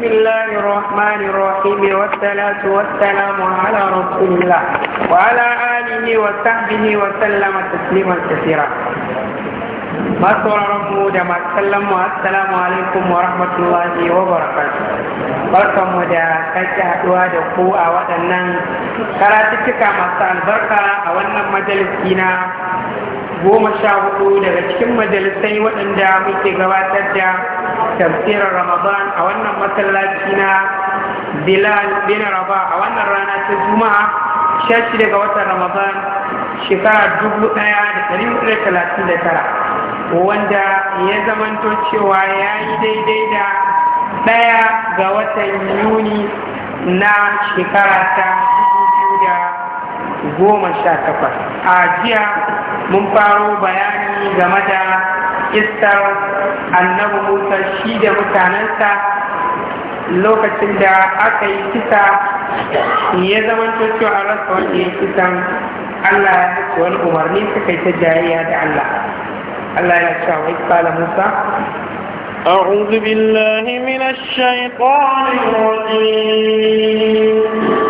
بسم الله الرحمن الرحيم والصلاة والسلام على رسول الله وعلى آله وصحبه وسلم تسليما كثيرا da masu kallon barkan mu da sake haduwa da ku a waɗannan karatuttuka masu albarka a wannan majalisi na goma sha hudu daga cikin majalisai waɗanda muke gabatar da tafsirar ramadan a wannan masallaci na bilal bin raba a wannan rana ta juma'a sha daga watan ramadan shekara dubu ɗaya da ɗari hudu talatin da tara wanda ya zamanto cewa ya yi daidai da ɗaya ga watan yuni na shekara ta dubu biyu da goma sha takwas a jiya mun faro bayani game da istar annabi musa shi da mutanensa lokacin da aka yi kisa ya zama cewa a rasa wanda ya kisan allah ya mutu wani umarni su yi ta jayayya da allah allah ya sha wai kala musa أعوذ بالله من الشيطان الرجيم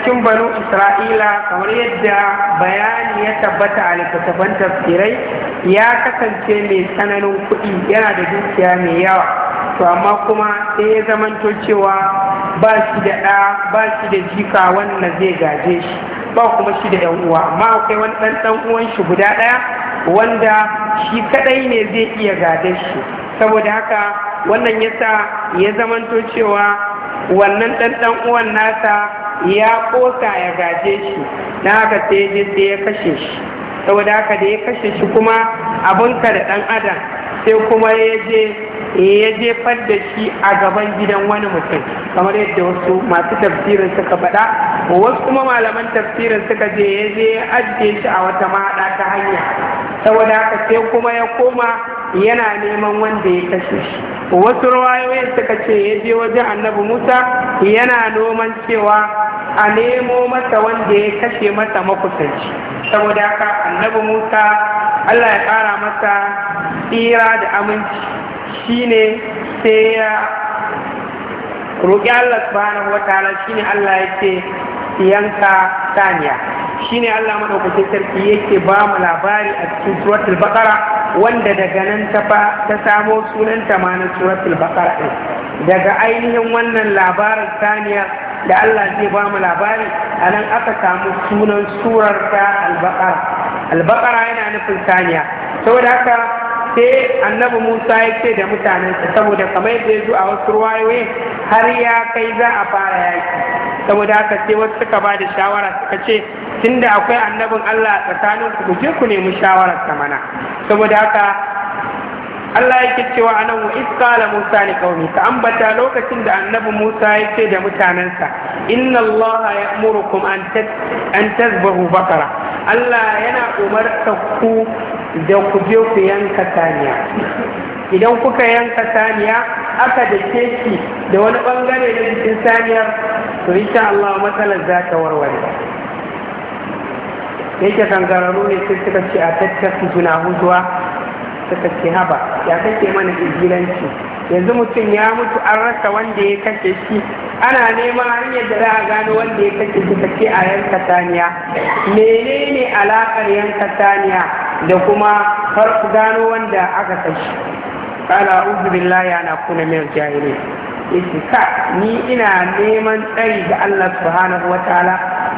cikin banu isra'ila kamar yadda bayani ya tabbata a littattafan tafsirai ya kasance mai tsananin kuɗi yana da dukiya mai yawa to amma kuma sai ya zamanto cewa ba shi da ɗa ba shi da jika wannan zai gaje shi ba kuma shi da yan uwa amma akwai wani ɗan ɗan uwan shi guda ɗaya wanda shi kaɗai ne zai iya gaje shi saboda haka wannan yasa ya zamanto cewa wannan ɗan ɗan uwan nasa ya kosa ya gaje shi na haka sai je ya kashe shi saboda haka da ya kashe shi kuma abin da ɗan adam sai kuma ya je ya jefar da shi a gaban gidan wani mutum kamar yadda wasu masu tafsirin suka faɗa wasu kuma malaman tafsirin suka je ya je ya ajiye shi a wata mahaɗa ta hanya saboda haka sai kuma ya koma yana neman wanda ya kashe shi wasu ruwayoyin suka ce ya je wajen annabi musa yana noman cewa a nemo masa wanda ya kashe masa makusanci saboda haka annabi musa allah ya kara masa tsira da aminci shine sai ya roƙi allah subhanahu wa ta'ala shine allah ya ce yanka saniya shine Allah madaukakin sarki yake ba mu labari a cikin suratul baqara wanda daga nan ta ta samo sunan ta ma na suratul baqara din daga ainihin wannan labarin saniya da Allah zai ba mu labari nan aka samu sunan surar ta al-baqara al-baqara yana nufin saniya saboda haka sai annabi Musa ya ce da mutanensa saboda kamar yadda ya zo a wasu ruwayoyin har ya kai za a fara yaki saboda haka sai wasu suka ba da shawara suka ce tunda akwai annabin Allah tsakanin ku je ku nemi shawarar ta mana saboda haka Allah yake cewa anan wa isqala Musa ni qaumi ka ambata lokacin da annabi Musa ya ce da mutanansa, inna Allah ya'murukum an an tazbahu bakara Allah yana umarta ku da ku je ku yanka saniya idan kuka yanka saniya aka da keki da wani bangare na jikin saniyar to insha Allah matsalar za ta warware yake kangararru ne sai suka ce a tattafi juna huzuwa suka ce haba ya kake mana ijilanci yanzu mutum ya mutu an rasa wanda ya kashe shi ana neman hanyar da za a gano wanda ya kashe shi ce a yanka saniya menene alaƙar yanka saniya da kuma farko gano wanda aka kashi kala uzu billahi na kuna mai jahili yace ni ina neman tsari ga Allah subhanahu wataala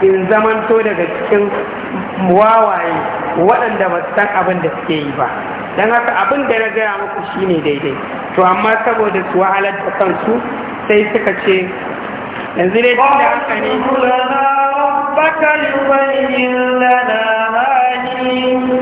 in zamanto daga cikin wawaye waɗanda ba san abin da suke yi ba dan haka abin da na gaya muku shine daidai to amma saboda su wahalar da kansu sai suka ce yanzu dai tun da aka ne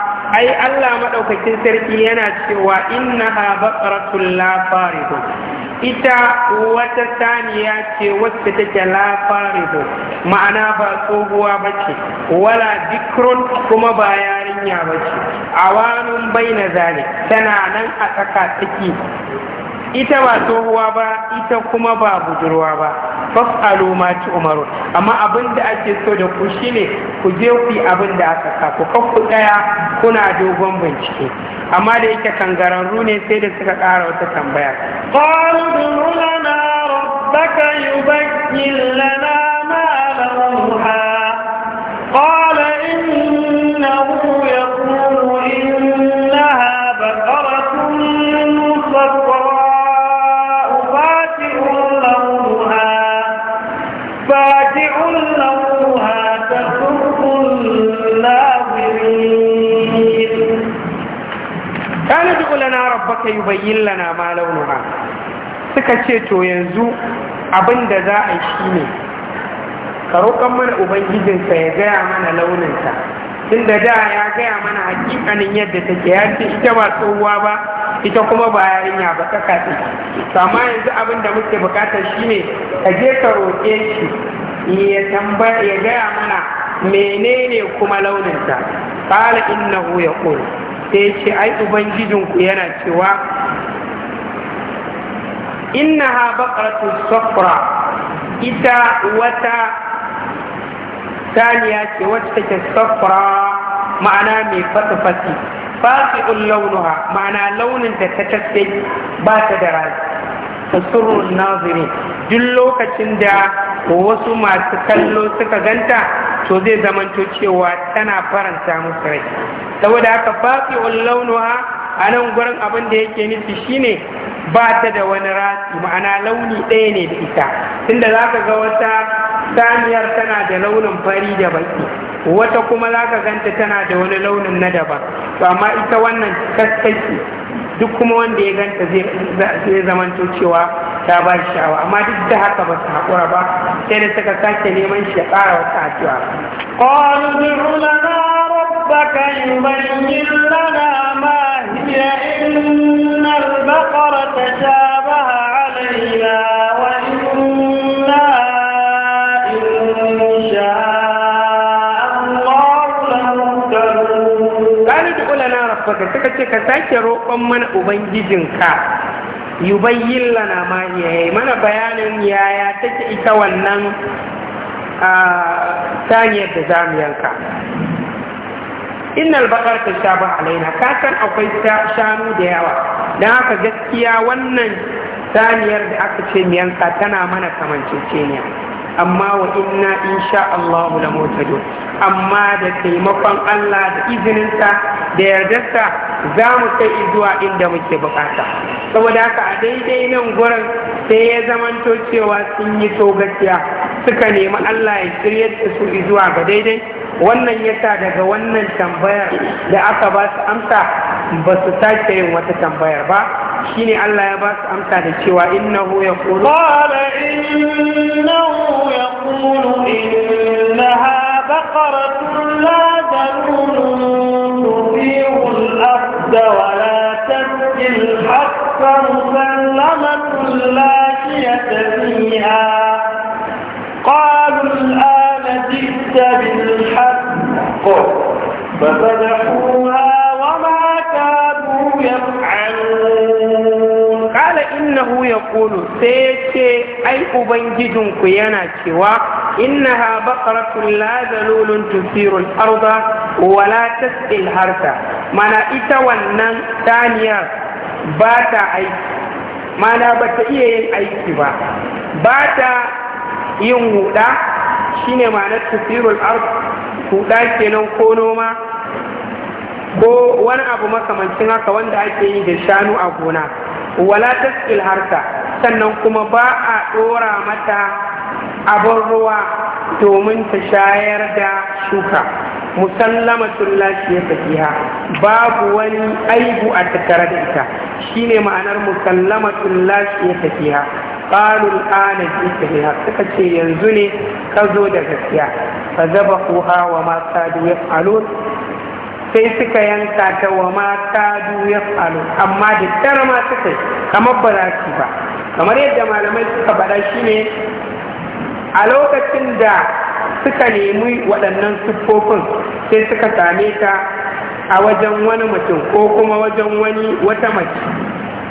ai Allah madaukakin sarki yana cewa ha baqaratun la farihu ita wata saniya ce wacce take la farihu ma'ana ba tsohuwa bace wala dikrun kuma ba yarinya bace awanun baina zalik tana nan a tsaka tsaki ita ba tsohuwa ba ita kuma ba budurwa ba fasalu ma ci umaru amma abin da ake so da ku shine ku je ku yi abin da aka sa ku kakku daya kuna dogon bincike amma da yake kangararru ne sai da suka ƙara wata tambaya qalu lana rabbaka yubayyin lana ma lahum yi lana ma ba suka ce to yanzu abin da za a shi ne ka roƙon mana ubangijinsa ya gaya mana launinta tun da ya gaya mana hakikanin yadda take ya ce ita ba tsohuwa ba ita kuma ba yarinya ba tsaka ce amma yanzu abin da muke bukata shine ka je ka roƙe shi ya tambaya ya gaya mana menene kuma launinta qala innahu yaqulu sai ce ai ubangijinku yana cewa Inna baqaratu safra ita wata saniya ce wacce take safra ma'ana mai fasifasi fasi'un launuha ma'ana launin da ta tafi ba ta da rai naziri duk lokacin da ko wasu masu kallo suka ganta to zai zamanto cewa tana faranta musu rai saboda haka fafi launuha a nan gurin abin da yake nufi shine ba ta da wani rasi ma'ana launi ɗaya ne da ita tunda za ka ga wata samiyar tana da launin fari da baki wata kuma za ka ganta tana da wani launin na daban to amma ita wannan kaskaki duk kuma wanda ya ganta zai zamanto cewa ta ba shi sha'awa amma duk da haka ba su haƙura ba sai da suka sake neman shi ya ƙara wata addu'a qalu du'u lana rabbaka yubayyin lana ma hiya inna al-baqara tashabaha alayna wa inna insha Allah lamuhtadun qalu du'u lana rabbaka suka ce ka sake roƙon mana ubangijinka Yubayin lana ma yayi mana bayanin yaya take ita wannan saniyar da za mu yanka Inna Albakar ta sha ba alaina kasan akwai shanu da yawa don haka gaskiya wannan saniyar da aka ce mu yanka tana mana kamanceceniya amma wa inna insha Allah da mutadu amma da taimakon Allah da izininsa da yardarsa za mu kai zuwa inda muke bukata saboda haka a daidai nan gurin sai ya zamanto cewa sun yi gaskiya suka nemi Allah ya shirya da su zuwa ga daidai wannan yasa daga wannan tambayar da aka ba su amsa ba su sake yin wata tambayar ba shine Allah ya ba su amsa da cewa innahu yaqulu qala innahu yaqulu innaha baqaratun la الرد ولا تبكي الحق مسلمة لا شية فيها قالوا الآن جئت بالحق ففتحوها وما كانوا يفعلون قال إنه يقول سيكي أي أبنجدك ينا سواك إنها بقرة لا ذلول تثير الأرض ولا تسقي الحرث mana ita wannan saniyar ba ta aiki mana ba ta iya yin aiki ba ba ta yin huda shine ma'anar tafirul ard huda kenan ko noma ko wani abu makamancin haka wanda ake yi da shanu a gona wala ta harta, sannan kuma ba a ɗora mata abin ruwa domin ta shayar da shuka musallama lafiya sahiha babu wani aibu a tattare da ita shine ma'anar musallama lafiya sahiha qalu al'ana fi sahiha suka ce yanzu ne ka zo da gaskiya fa zabahuha wa ma kadu yaf'alun sai suka yanka ta wa ma kadu yaf'alun amma da tara ma suka kamar ba za su ba kamar yadda malamai suka faɗa shine a lokacin da suka nemi waɗannan siffofin sai suka same ta a wajen wani mutum ko kuma wajen wani wata mace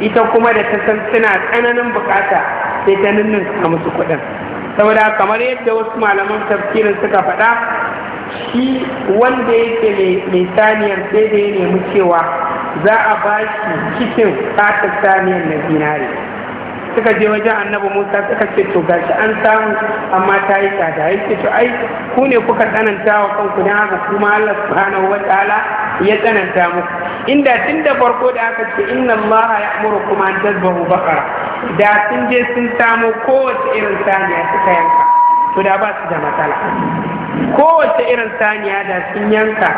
ita kuma da ta san suna tsananin bukata sai ta a musu kuɗin saboda kamar yadda wasu malaman tafsirin suka faɗa shi wanda yake mai saniyar sai da ya nemi cewa za a ba shi cikin fatar saniyar na zinare suka je wajen annabi musa suka ce to gashi an samu amma ta yi tsada ya ce to ai ku ne kuka tsananta wa kanku don haka kuma allah subhanahu wa ta'ala ya tsananta muku inda tun da farko da aka ce inna allaha ya amuru kuma an tazbahu bakara da sun je sun samo kowace irin saniya suka yanka to da ba su da matsala kowace irin saniya da sun yanka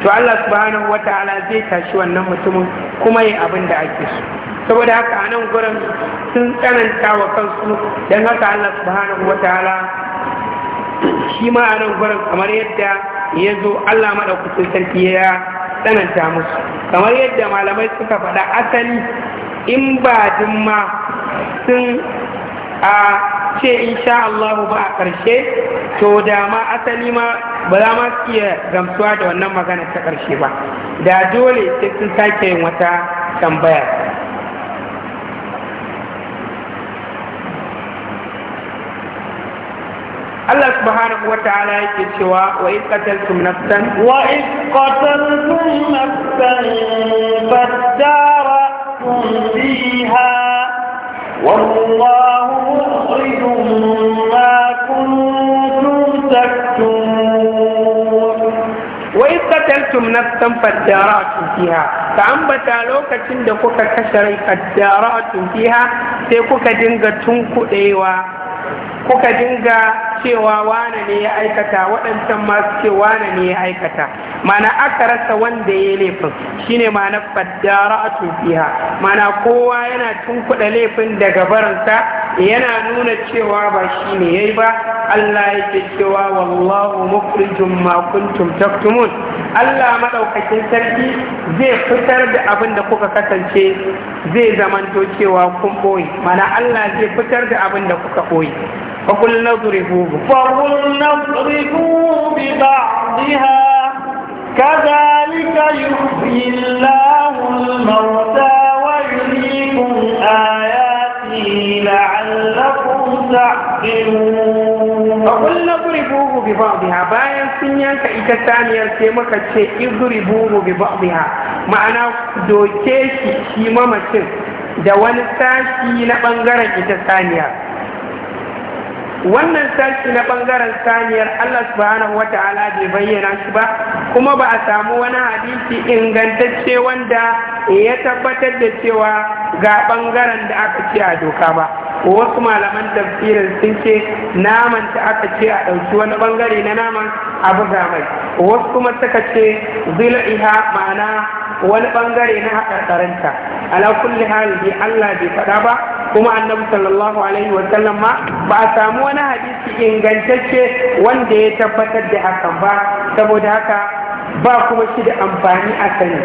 to Allah subhanahu wata'ala zai tashi wannan mutumin kuma yi abin da ake so saboda haka a nan gurin sun tsananta wa kansu don haka Allah subhanahu wata'ala shi ma a nan gurin kamar yadda ya zo Allah maɗaukacin sarki ya tsananta musu kamar yadda malamai suka faɗa asali in ba ma sun a ce sha Allahu ba a ƙarshe to da ma asali ma ba za ma su iya gamsuwa da wannan magana ta ƙarshe ba da dole sai sun sake yin wata tambaya Allah subhanahu wa ta'ala yake cewa wa in qataltum nafsan wa in qataltum nafsan fadara'tum fiha والله مخرج ما كنتم تكتمون وإذ قتلتم نفسا فادارأتم فيها فأنبتا لوكة دكوكا كشري فادارأتم فيها سيكوكا دنجة تنكو إيوا kuka dinga cewa wane ne ya aikata waɗancan masu ce wane ne ya aikata mana aka rasa wanda ya laifin shine mana faddara a tufiya mana kowa yana tunkuɗa laifin daga baransa yana nuna cewa ba shi ne ya yi ba Allah ya ce cewa wallahu mukhrijum ma kuntum taktumun Allah maɗaukacin sarki zai fitar da abin da kuka kasance zai zamanto cewa kun ɓoye mana Allah zai fitar da abin da kuka ɓoye فقلنا اضربوه فقلنا اضربوه ببعضها كذلك يحيي الله الموتى ويريكم آياته لعلكم تعقلون فقلنا اضربوه ببعضها bayan sun yanka ita saniyar sai muka ce idribuhu bi ba'dha ma'ana doke shi shi mamacin da wani sashi na bangaren ita wannan sarki na bangaren saniyar Allah subhanahu wa ta'ala bai bayyana shi ba kuma ba a samu wani hadisi ingantacce wanda ya tabbatar da cewa ga bangaren da aka ce a doka ba wasu malaman tafsirin sun ce naman ta aka ce a ɗauki wani bangare na naman abu buga mai wasu kuma suka ce zil'iha ma'ana wani bangare na haƙarƙarinta ala kulli hali Allah bai faɗa ba kuma annabi sallallahu alaihi wa sallam ma ba a samu wani hadisi ingantacce wanda ya tabbatar da hakan ba saboda haka ba kuma shi da amfani a sani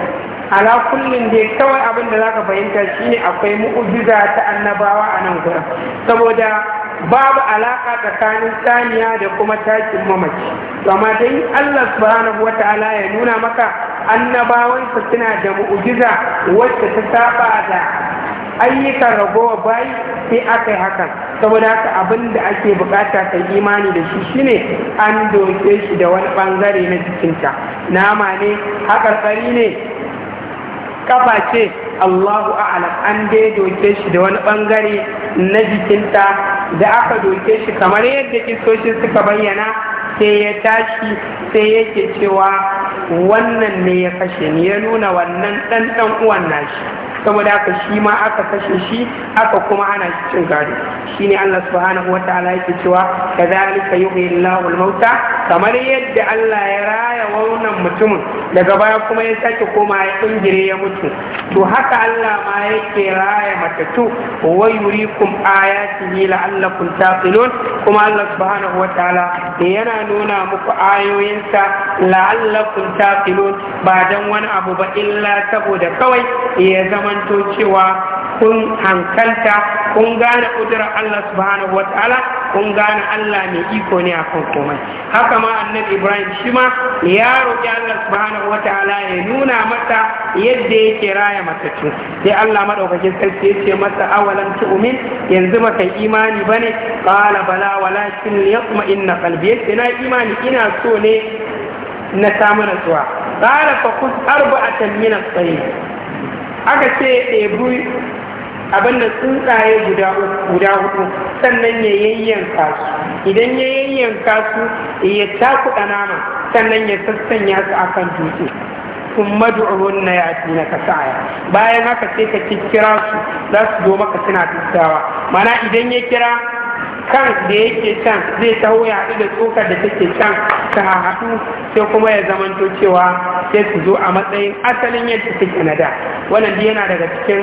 ala kullum dai kawai abin da zaka fahimta shine akwai mu'ujiza ta annabawa a nan gurin saboda babu alaka tsakanin saniya da kuma takin mamaci amma dai Allah subhanahu wataala ya nuna maka annabawansa suna da mu'jiza wacce ta saba da ayyukan ragowa bayi sai aka yi hakan saboda haka abin da ake bukata ta imani da shi shine an doke shi da wani bangare na jikinta nama ne tsari ne kafa ce Allahu a'lam an dai doke shi da wani bangare na jikinta da aka doke shi kamar yadda kisoshin suka bayyana sai ya tashi sai yake cewa wannan ne ya kashe ni ya nuna wannan ɗan ɗan uwan nashi saboda haka shi ma aka kashe shi aka kuma ana shi cin shine Allah subhanahu wa ta'ala yake cewa kadhalika yuhyi Allahu al-mauta kamar yadda Allah ya raya wannan mutumin daga baya kuma ya sake koma ya dingire ya mutu to haka Allah ma yake raya matatu wa yurikum ayatihi la'allakum taqilun kuma Allah subhanahu wa ta'ala yana nuna muku ayoyinsa la'allakun taqilun ba dan wani abu ba illa saboda kawai ya zamanto cewa kun hankalta kun gane kudura Allah subhanahu wataala kun gane Allah mai iko ne akan komai haka ma annabi Ibrahim shi ma ya roƙi Allah subhanahu wataala ya nuna mata yadda yake raya matattu sai Allah madaukakin sarki yace masa awalan tu'min yanzu baka imani bane qala bala walakin yatma inna qalbi yace na imani ina so ne na samu nasuwa ƙara fakus a min as aka ce ɗebu abin da tsuntsaye guda hudu sannan ya yayyanka su idan ya yayyanka su ya takuɗa ɗanama, sannan ya sassanya su akan dutse sun madu'uhun na yaƙi na kasaya bayan haka sai ka kira su za su zo maka suna tattawa mana idan ya kira kan da yake can zai taho ya da tsokar da take can ta haɗu sai kuma ya zamanto cewa sai su zo a matsayin asalin yadda take na da wannan yana daga cikin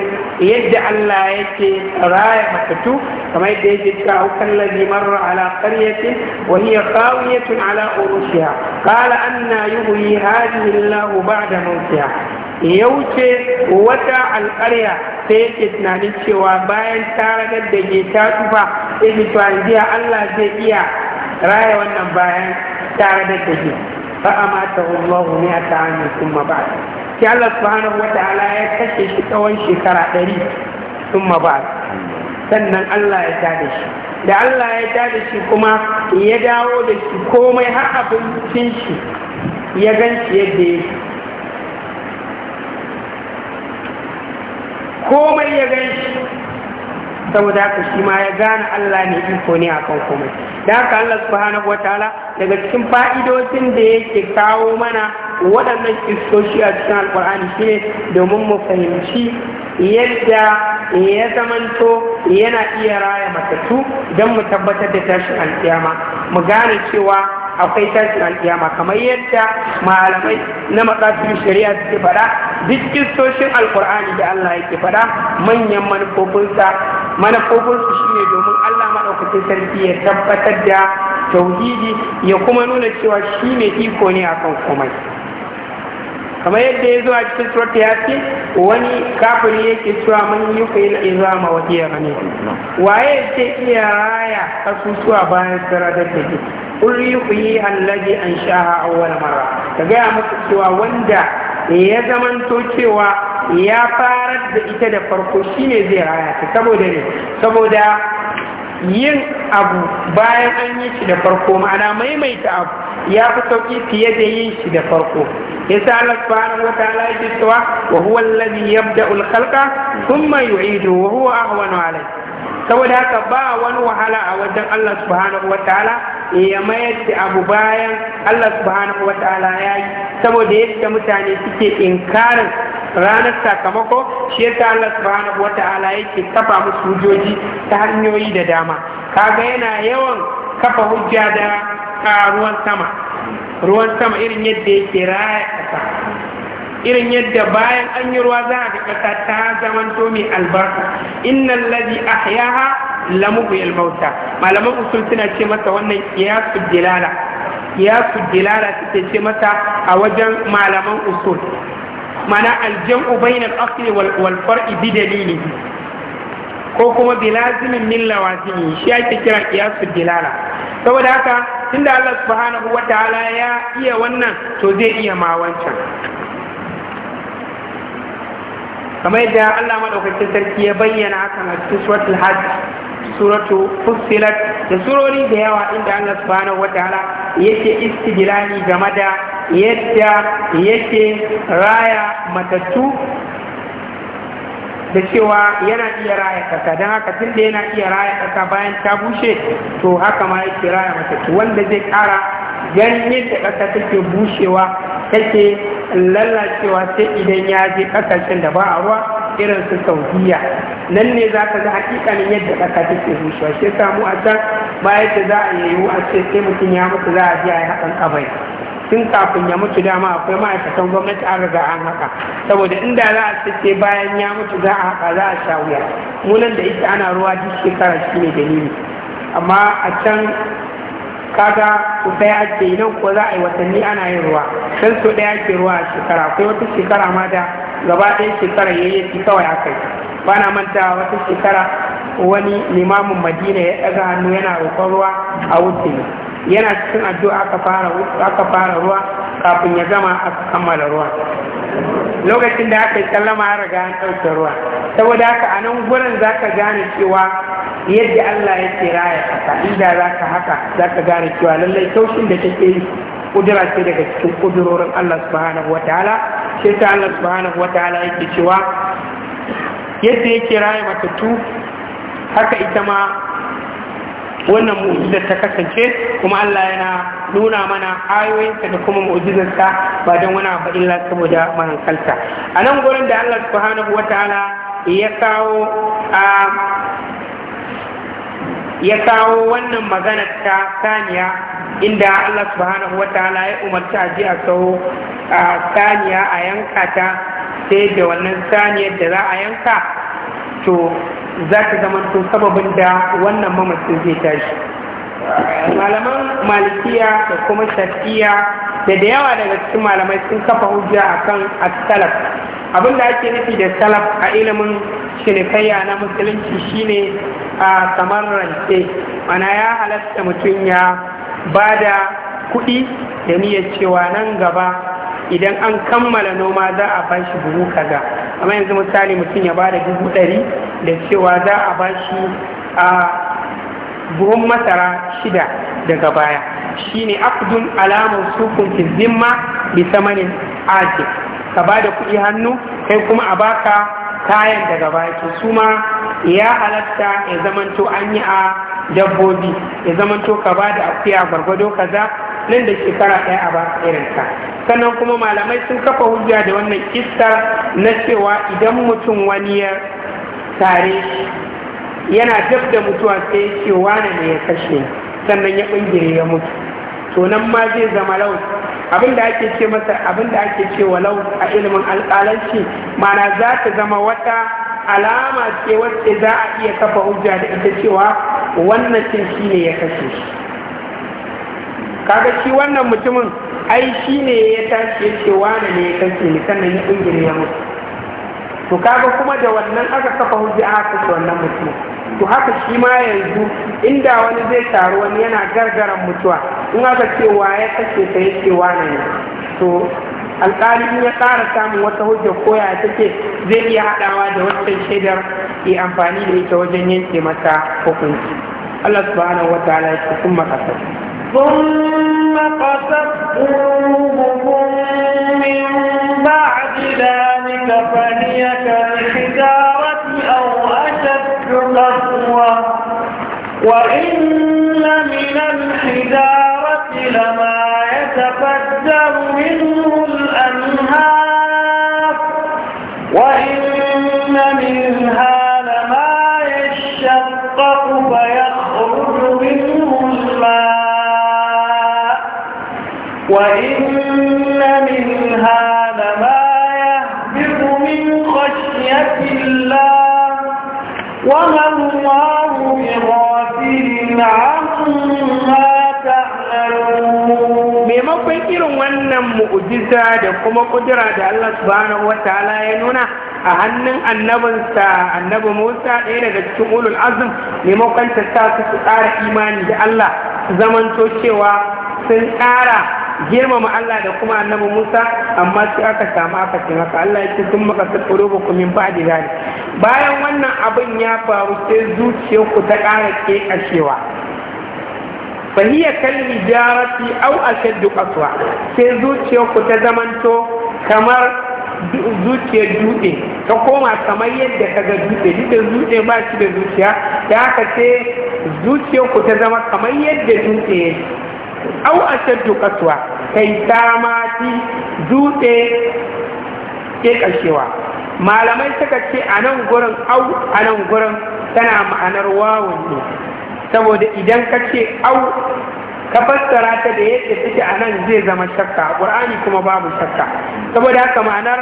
yadda Allah yake raya matattu kamar yadda yake cewa hukan ladhi marra ala qaryatin wa hiya khawiyatun ala urushiha qala anna yuhyi hadhihi Allahu ba'da mawtiha ya wuce wata alƙarya sai yake tunanin cewa bayan taragar da ke ta tufa yake jiya Allah zai iya raya wannan bayan taragar da ke fa amata Allah ne a ta'amin sun ba sai Allah subhanahu wa ta'ala ya kashe shi tsawon shekara ɗari sun ba sannan Allah ya da shi da Allah ya da shi kuma ya dawo da shi komai har abincin shi ya gan shi yadda yake komai ya gani saboda haka shi ma ya gane Allah ne iko ne akan komai da haka Allah subhanahu wataala daga cikin fa'idodin da yake kawo mana waɗannan kistoshi a cikin alkur'ani shine domin mu fahimci yadda ya zamanto yana iya raya matatu don mu tabbatar da tashin alƙiyama mu gane cewa akwai tashin alkiyama kamar yadda malamai na matsafin shari'a suke faɗa duk kistoshin alkur'ani da Allah yake faɗa manyan manufofinsa manufofinsu shine domin Allah maɗaukacin sarki ya tabbatar da tauhidi ya kuma nuna cewa shi ne iko ne akan komai kamar yadda ya zo a cikin surat yasin wani ya yake cewa mun yi ku ila izama wa iya gane waye ce iya raya kasusuwa bayan sarada da take qul yuhyiha alladhi anshaha awwal marra ka gaya muku cewa wanda ya zamanto cewa ya fara da ita da farko shine zai raya ta saboda ne saboda yin abu bayan an yi shi da farko ma'ana maimaita abu ya fi sauƙi fiye da yin shi da farko ya Allah subhanahu wataala yake cewa wa huwa alladhi yabda'u al-khalqa thumma yu'iduhu wa huwa ahwanu alayhi saboda haka ba wani wahala a wajen Allah subhanahu wa ta'ala ya mayar da abu bayan Allah subhanahu wa ta'ala ya yi saboda yadda mutane suke inkarin ranar sakamako shi yasa Allah subhanahu wa ta'ala yake kafa musu hujjoji ta hanyoyi da dama kaga yana yawan kafa hujja da ruwan sama ruwan sama irin yadda yake raya ƙasa irin yadda bayan an yi ruwa za a ga ƙasa ta zamanto mai albarka innal ladhi ahyaha lamuhyil mauta malaman usul suna ce masa wannan qiyasud dilala qiyasud dilala suke ce masa a wajen malaman usul mana aljan bainal asli walfar far'i bi dalili ko kuma bilazimin min lawazimi shi ake kira qiyasul dilala saboda haka tunda Allah subhanahu wataala ya iya wannan to zai iya ma wancan kamar yadda Allah madaukakin sarki ya bayyana hakan a cikin suratul hajj suratu fussilat da surori da yawa inda Allah subhanahu wataala yake istijlali game da yadda yake raya matattu da cewa yana iya raya kasa, don haka tun da yana iya raya kasa bayan ta bushe to haka ma yake raya matattu wanda zai ƙara ganin yadda kasa take bushewa take lallacewa sai idan ya je ƙasashen da ba a ruwa irin su saudiya nan ne za ka ga hakikanin yadda kasa take bushewa Sai samu a can bayan da za a yi a ce sai mutum ya mutu za a je a yi haɗin kabai tun kafin ya mutu dama akwai ma'aikatan gwamnati an riga an haka saboda inda za a sake bayan ya mutu za a haka za a sha wuya munan da ita ana ruwa duk shekara shi ne dalili amma a can kaga su sai ake yi nan ko za a yi watanni ana yin ruwa don su ɗaya ake ruwa a shekara akwai wata shekara ma da gaba ɗaya shekara yi kawai aka yi ba na manta wata shekara wani limamin madina ya ɗaga hannu yana roƙon ruwa a wuce yana cikin addu'a aka fara ruwa kafin ya gama aka kammala ruwa lokacin da aka yi sallama ya riga an ɗauke ruwa saboda haka a nan gurin za ka gane cewa yadda Allah ya ce raya ƙasa inda za ka haka za ka gane cewa lallai taushin da take yi kudura ce daga cikin kudurorin Allah subhanahu ta'ala shi ta Allah subhanahu ta'ala yake cewa yadda yake raya matattu haka ita ma wannan mu'jizar ta kasance kuma Allah yana nuna mana ayoyinsa da kuma mu'ujizarsa ba don wani abu illa saboda mahankalta a nan gurin da Allah subhanahu wataala ya kawo ya kawo wannan magana ta saniya inda Allah subhanahu wataala ya umarci a ji a sau saniya a yanka ta sai da wannan saniyar da za a yanka to za ta zama sun sababin da wannan mamacin zai tashi malaman malikiya da kuma shafiya da da yawa daga cikin malamai sun kafa hujja akan as-salaf abin da ake nufi da salaf a ilimin shinikayya na musulunci shine a kamar rance mana ya halatta mutum ya ba da kuɗi da niyyar cewa nan gaba idan an kammala noma za a ba shi buhu kaza amma yanzu misali mutum ya ba da dubu ɗari da cewa za a shi a buhun masara shida daga baya Shi shine akdun alamun sukun zimma bi samanin ake ka ba da kuɗi hannu kai kuma a baka kayan daga baki. Suma su ma ya halatta ya zamanto an yi a dabbobi ya zamanto ka ba da akuya gwargwado kaza nan da shekara ɗaya a ba irin ta sannan kuma malamai sun kafa hujja da wannan kista na cewa idan mutum wani ya tare yana dab da mutuwa sai ce wane ne ya kashe sannan ya ɓungire ya mutu to nan ma zai zama laus abin da ake ce masa abin da ake ce wa a ilimin alƙalanci mana za ta zama wata alama ce wacce za a iya kafa hujja da ita cewa wannan cin shi ne ya kashe shi kaga shi wannan mutumin ai shi ne ya tashi ce ne ya kashe ni sannan ya ingile ya mutu to kaga kuma da wannan aka kafa hujja aka kashe wannan mutumin to haka shi ma yanzu inda wani zai taru wani yana gargaran mutuwa in aka ce wa ya kashe ka ya ce ne to alƙali ya ƙara samun wata hujja koya take zai iya haɗawa da wancan shaidar ya amfani da ita wajen yanke mata hukunci Allah subhanahu wa ta'ala ya ce kun ثم قست قلوبكم من بعد ذلك فهي كالحجارة أو أشد قسوة وإن وإن منها لما يهبط من خشية الله وما الله بغافل عما maimakon irin wannan mu'ujiza da kuma kudura da Allah subhanahu wa ta'ala ya nuna a hannun annabinsa annabi Musa ɗaya daga cikin ulul azum maimakon ta sa su ƙara imani da Allah su zamanto cewa sun ƙara. girmama Allah da kuma annabi Musa amma sai aka samu aka ce haka Allah ce sun maka tsoro ba ku min ba'di bayan wannan abin ya faru sai zuciyar ku ta ƙara kekashewa fa hiya kal au aw ashaddu qaswa sai zuciyar ku ta zamanto kamar zuciyar dutse ka koma kamar yadda ka ga dutse duk dutse ba shi da zuciya da haka sai zuciyar ku ta zama kamar yadda dutse yake au ashaddu qaswa kai tamati dutse ke kashewa malamai suka ce a nan gurin au a nan gurin tana ma'anar wawan ne saboda idan ka ce au ka fassara ta da yadda take a nan zai zama shakka ƙur'ani kuma babu shakka saboda haka ma'anar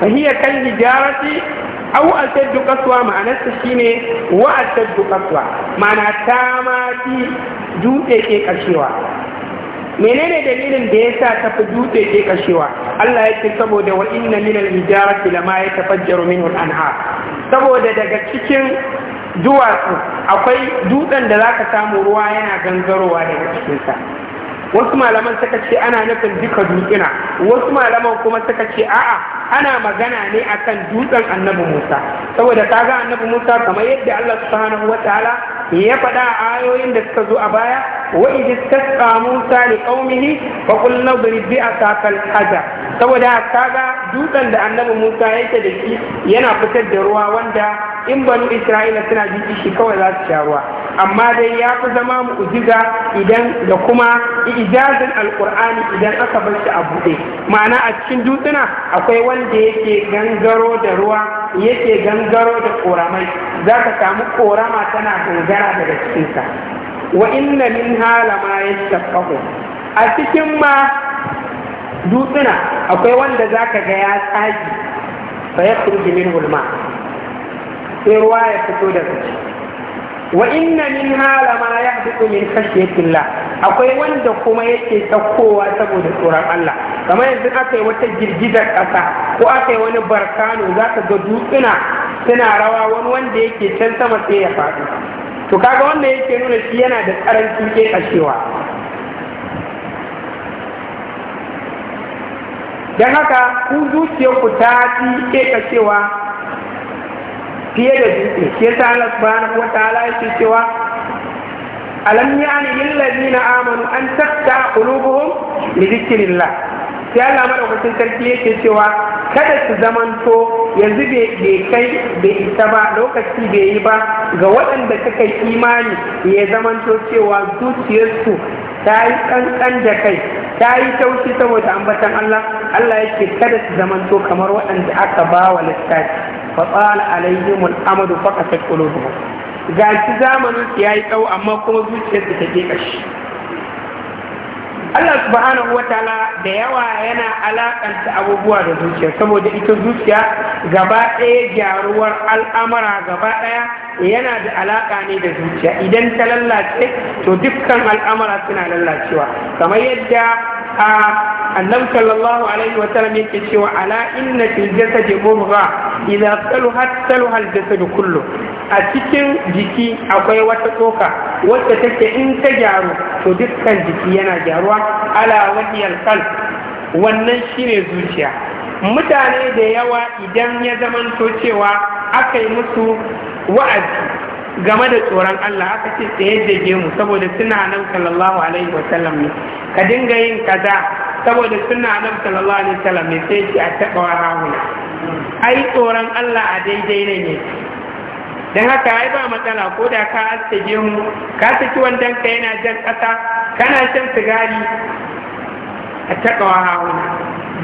fahiyar kan hijarati au asaddu qaswa ma'anarsa shine wa asaddu qaswa ma'ana ta ma fi dutse ke kashewa menene dalilin da sa ta fi dutse ke kashewa Allah ya ce saboda wa inna min al-hijarati lama yatafajjaru minhu al-anhar saboda daga cikin duwatsu akwai dutsen da zaka samu ruwa yana gangarowa daga cikinsa wasu malaman suka ce ana nufin duka dutsina wasu malaman kuma suka ce a'a ana magana ne akan dutsen annabi Musa saboda kaga annabi Musa kamar yadda Allah subhanahu wataala ya faɗa a ayoyin da suka zo a baya wa idh tasqa Musa li qaumihi fa qul nadrib bi asaqal hajar saboda kaga dutsen da annabi Musa yake da shi yana fitar da ruwa wanda in banu Isra'ila suna jiki shi kawai za su sha ruwa amma dai ya fi zama mu'jiza idan da kuma ijazin alkur'ani idan aka bar shi a buɗe ma'ana a cikin dutsuna akwai wanda yake gangaro da ruwa yake gangaro da koramai zaka ka samu korama tana gangara daga cikinsa wa inna min halama ya shafahu a cikin ma dutsuna akwai wanda zaka ka ga ya tsagi fa ya kurji min hulma sai ruwa ya fito daga ciki wa inna min hala ma hadu min khashyatillah akwai wanda kuma yake saukowa saboda tsoron Allah kamar yanzu akai wata girgizar ƙasa ko akai wani barkano za ka ga dutsuna suna rawa wani wanda yake can sama sai ya faɗi to kaga wanda yake nuna shi yana da ƙarancin ƙeƙashewa dan haka ku zuciyarku ta fi kashewa? fiye da dutse shi yasa Allah subhanahu wataala yake cewa alam yani lil ladina amanu an taqta qulubuhum li dhikrillah sai Allah madaukakin sarki yake cewa kada su zamanto yanzu bai kai bai isa ba lokaci bai yi ba ga waɗanda suka yi imani ya zamanto cewa zuciyarsu ta yi ƙanƙan da kai ta yi taushi saboda ambatan Allah Allah yake kada su zamanto kamar waɗanda aka ba wa lissafi. fatsala alaihim al'amadu fa kasat qulubuhum gashi zamanin ya yi tsawo amma kuma zuciyarsu ta ke kashi Allah subhanahu wa ta'ala da yawa yana alakanta abubuwa da zuciya saboda ita zuciya gaba ɗaya gyaruwar al'amara gaba ɗaya yana da alaƙa ne da zuciya idan ta lallace to dukkan al'amara suna lallacewa kamar yadda a annabi sallallahu alaihi wa sallam yake cewa ala inna fil jasadi mubgha idza saluhat saluha al jasad kullu a cikin jiki akwai wata tsoka wacce take in ta gyaru to dukkan jiki yana gyaruwa ala wahiyal kan wannan shi ne zuciya mutane da yawa idan ya zamanto cewa aka yi musu wa'azi game da tsoron Allah aka ce tsaye da gemu saboda suna nan sallallahu alaihi wa sallam ne ka dinga yin kaza saboda suna nan sallallahu alaihi wa sallam ne sai ki a taba rahuna ai tsoron Allah a daidai ne ne dan haka ai ba matsala ko da ka aske gemu ka saki wandan ka yana jan kasa kana shan sigari a taɓa hawa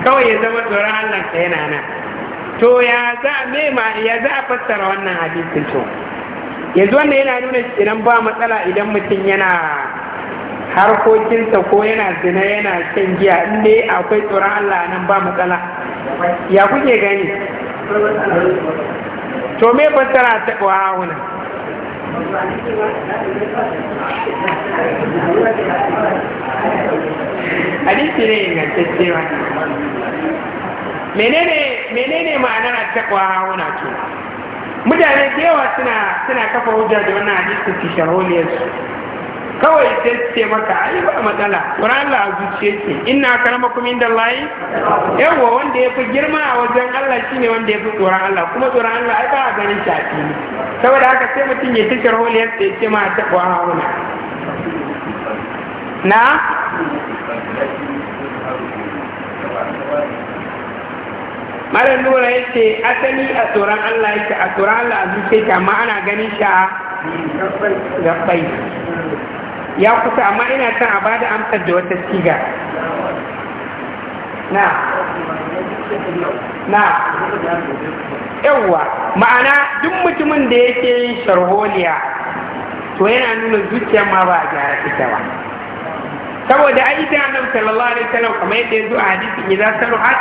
kawai ya zama tsoron Allah ka yana nan to ya za ya za a fassara wannan hadisin to yanzu wannan yana nuna idan ba matsala idan mutum yana harkokinsa ko yana zina yana shan giya in dai akwai tsoron Allah nan ba matsala ya kuke gani to me fassara ta ƙwahuna hadisi ne ingantacce wani menene menene ma'anar attaqwa hauna to mutane da yawa suna suna kafa hujja da wannan hadisi ki sharholiyar su kawai sai su ce maka ai ba matsala ƙuran Allah a ce ina karama kuma inda layi yawa wanda ya fi girma a wajen Allah ne wanda ya fi tsoron Allah kuma tsoron Allah ai ba a ganin shi a fili saboda haka sai mutum ya ci sharholiyar ya ce ma ta kwa hauna na malam nura ya ce asali a tsoron Allah ya ce, a tsoron Allah a zuciya ta amma ana ganin ta gabbai ya kusa amma ina son a bada amsar da wata siga na na yawwa ma'ana duk mutumin da yake yin sharholiya to yana nuna zuciya ma ba a gyara ita ba saboda ai da annabi sallallahu alaihi wasallam kamar yadda yanzu a hadisin idan saluhat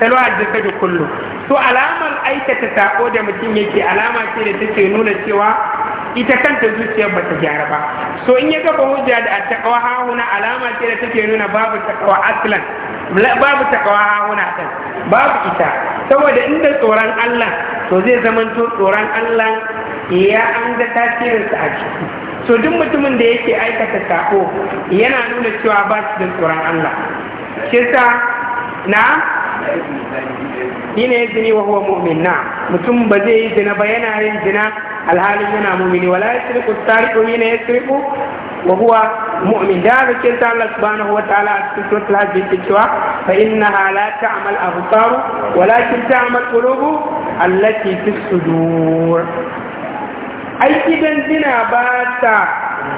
saluhat da kaje kullu to alamar aikata sako da mutum yake alama ce da take nuna cewa ita kanta zuciyar ba ta gyara ba so in ya gaba hujja da attaqwa hahuna alama ce da take nuna babu taqwa aslan babu taqwa hahuna kan babu ita saboda inda tsoron Allah to zai zamanto tsoron Allah ya an ga tasirinsa a ciki to duk mutumin da yake aikata sako yana nuna cewa ba shi da tsoron Allah shi sa na yana zini wa huwa mu'min na mutum ba zai yi zina ba yana yin zina alhalin yana mu'mini wala yasriqu sariqu yana shirku wa huwa mu'min da ga kin ta Allah subhanahu wa ta'ala a cikin suratul hajj yake cewa fa innaha la ta'mal absar walakin ta'mal qulubu allati fi sudur ai idan dina ba ta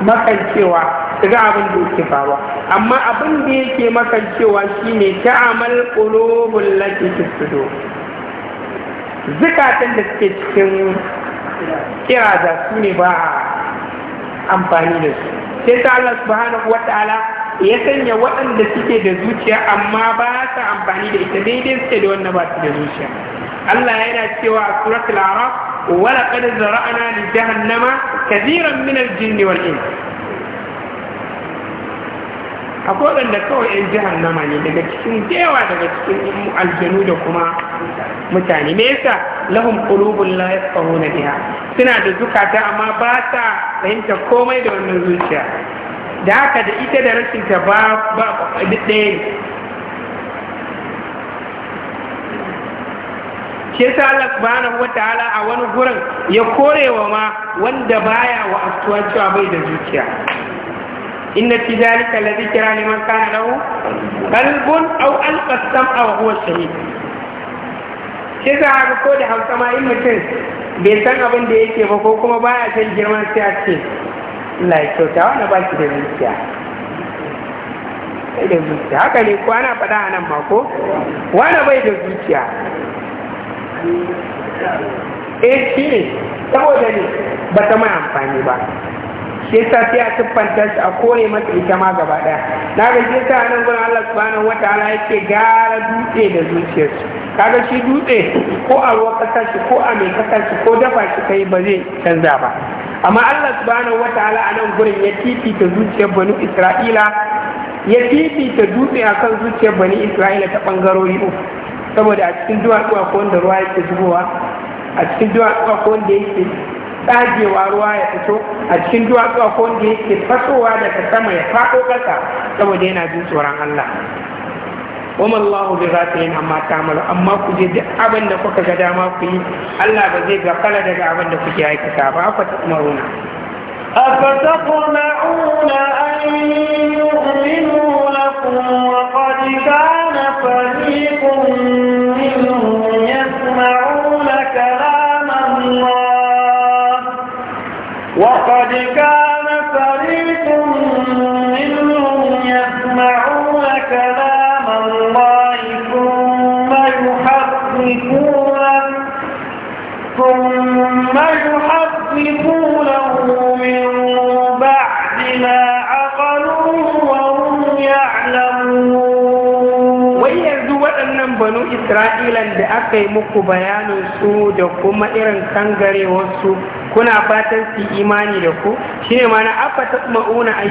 makancewa daga abin da yake faruwa amma abin da yake makancewa shine amal qulubul lati tisudu zukatan da suke cikin kiraza su ne ba amfani da su sai ta Allah subhanahu wataala ya sanya waɗanda suke da zuciya amma ba sa amfani da ita daidai suke da wannan ba su da zuciya Allah yana cewa a suratul araf ولقد ذرأنا لجهنم كثيرا من الجن والإنس akwai waɗanda kawai 'yan nama ne daga cikin yawa daga cikin aljanu da kuma mutane me yasa lahum qulubun la yafqahuna biha suna da dukata, amma ba sa fahimta komai da wannan zuciya da haka da ita da rashin ta ba ba ɗaya shi yasa Allah subhanahu wataala a wani gurin ya korewa ma wanda baya wa asuwa cewa bai da zuciya inna fi zalika la dhikra liman kana lahu qalbun aw alqa sam'a wa huwa shahid shi yasa ga ko da hausa ma in mutum bai san abin da yake ba ko kuma baya san girman sai a ce Allah ya kyauta wanda ba shi da zuciya da zuciya haka ne ko ana faɗa a nan mako? ko wani bai da zuciya eh shi ne saboda ne ba ta mai amfani ba shi yasa sai a siffanta shi a kore masa ita ma gaba daya na ga shi yasa nan gurin Allah subhanahu wataala yake gara dutse da zuciyarsu kaga shi dutse ko a ruwa kasa shi ko a mai kasa shi ko dafa shi kai ba zai canza ba amma Allah subhanahu wataala a nan gurin ya fifita zuciyar banu Isra'ila ya fifita dutse akan zuciyar bani Isra'ila ta bangarori uku saboda a cikin duwatsu akwai wanda ruwa yake zubowa a cikin duwatsu akwai wanda yake tsagewa ruwa ya fito a cikin duwatsu akwai wanda yake fasowa daga sama ya faɗo ƙasa saboda yana jin tsoron Allah wama Allahu bi ghafilin amma ta'malu amma ku je duk abin da kuka ga dama ku yi Allah ba zai gafara daga abin da kuke aikata ba fa ta umaruna taqma'una an yu'minu lakum wa qad kana fariqun وقد كان فريق منهم يسمعون كلام الله ثم يحرفونه ثم يحرفونه من بعد ما عقلوه وهم يعلمون ويرجو waɗannan بنو Isra'ilan da aka بيان muku bayanin su da kuma kuna fatan su imani da ku shine mana afa ma'una an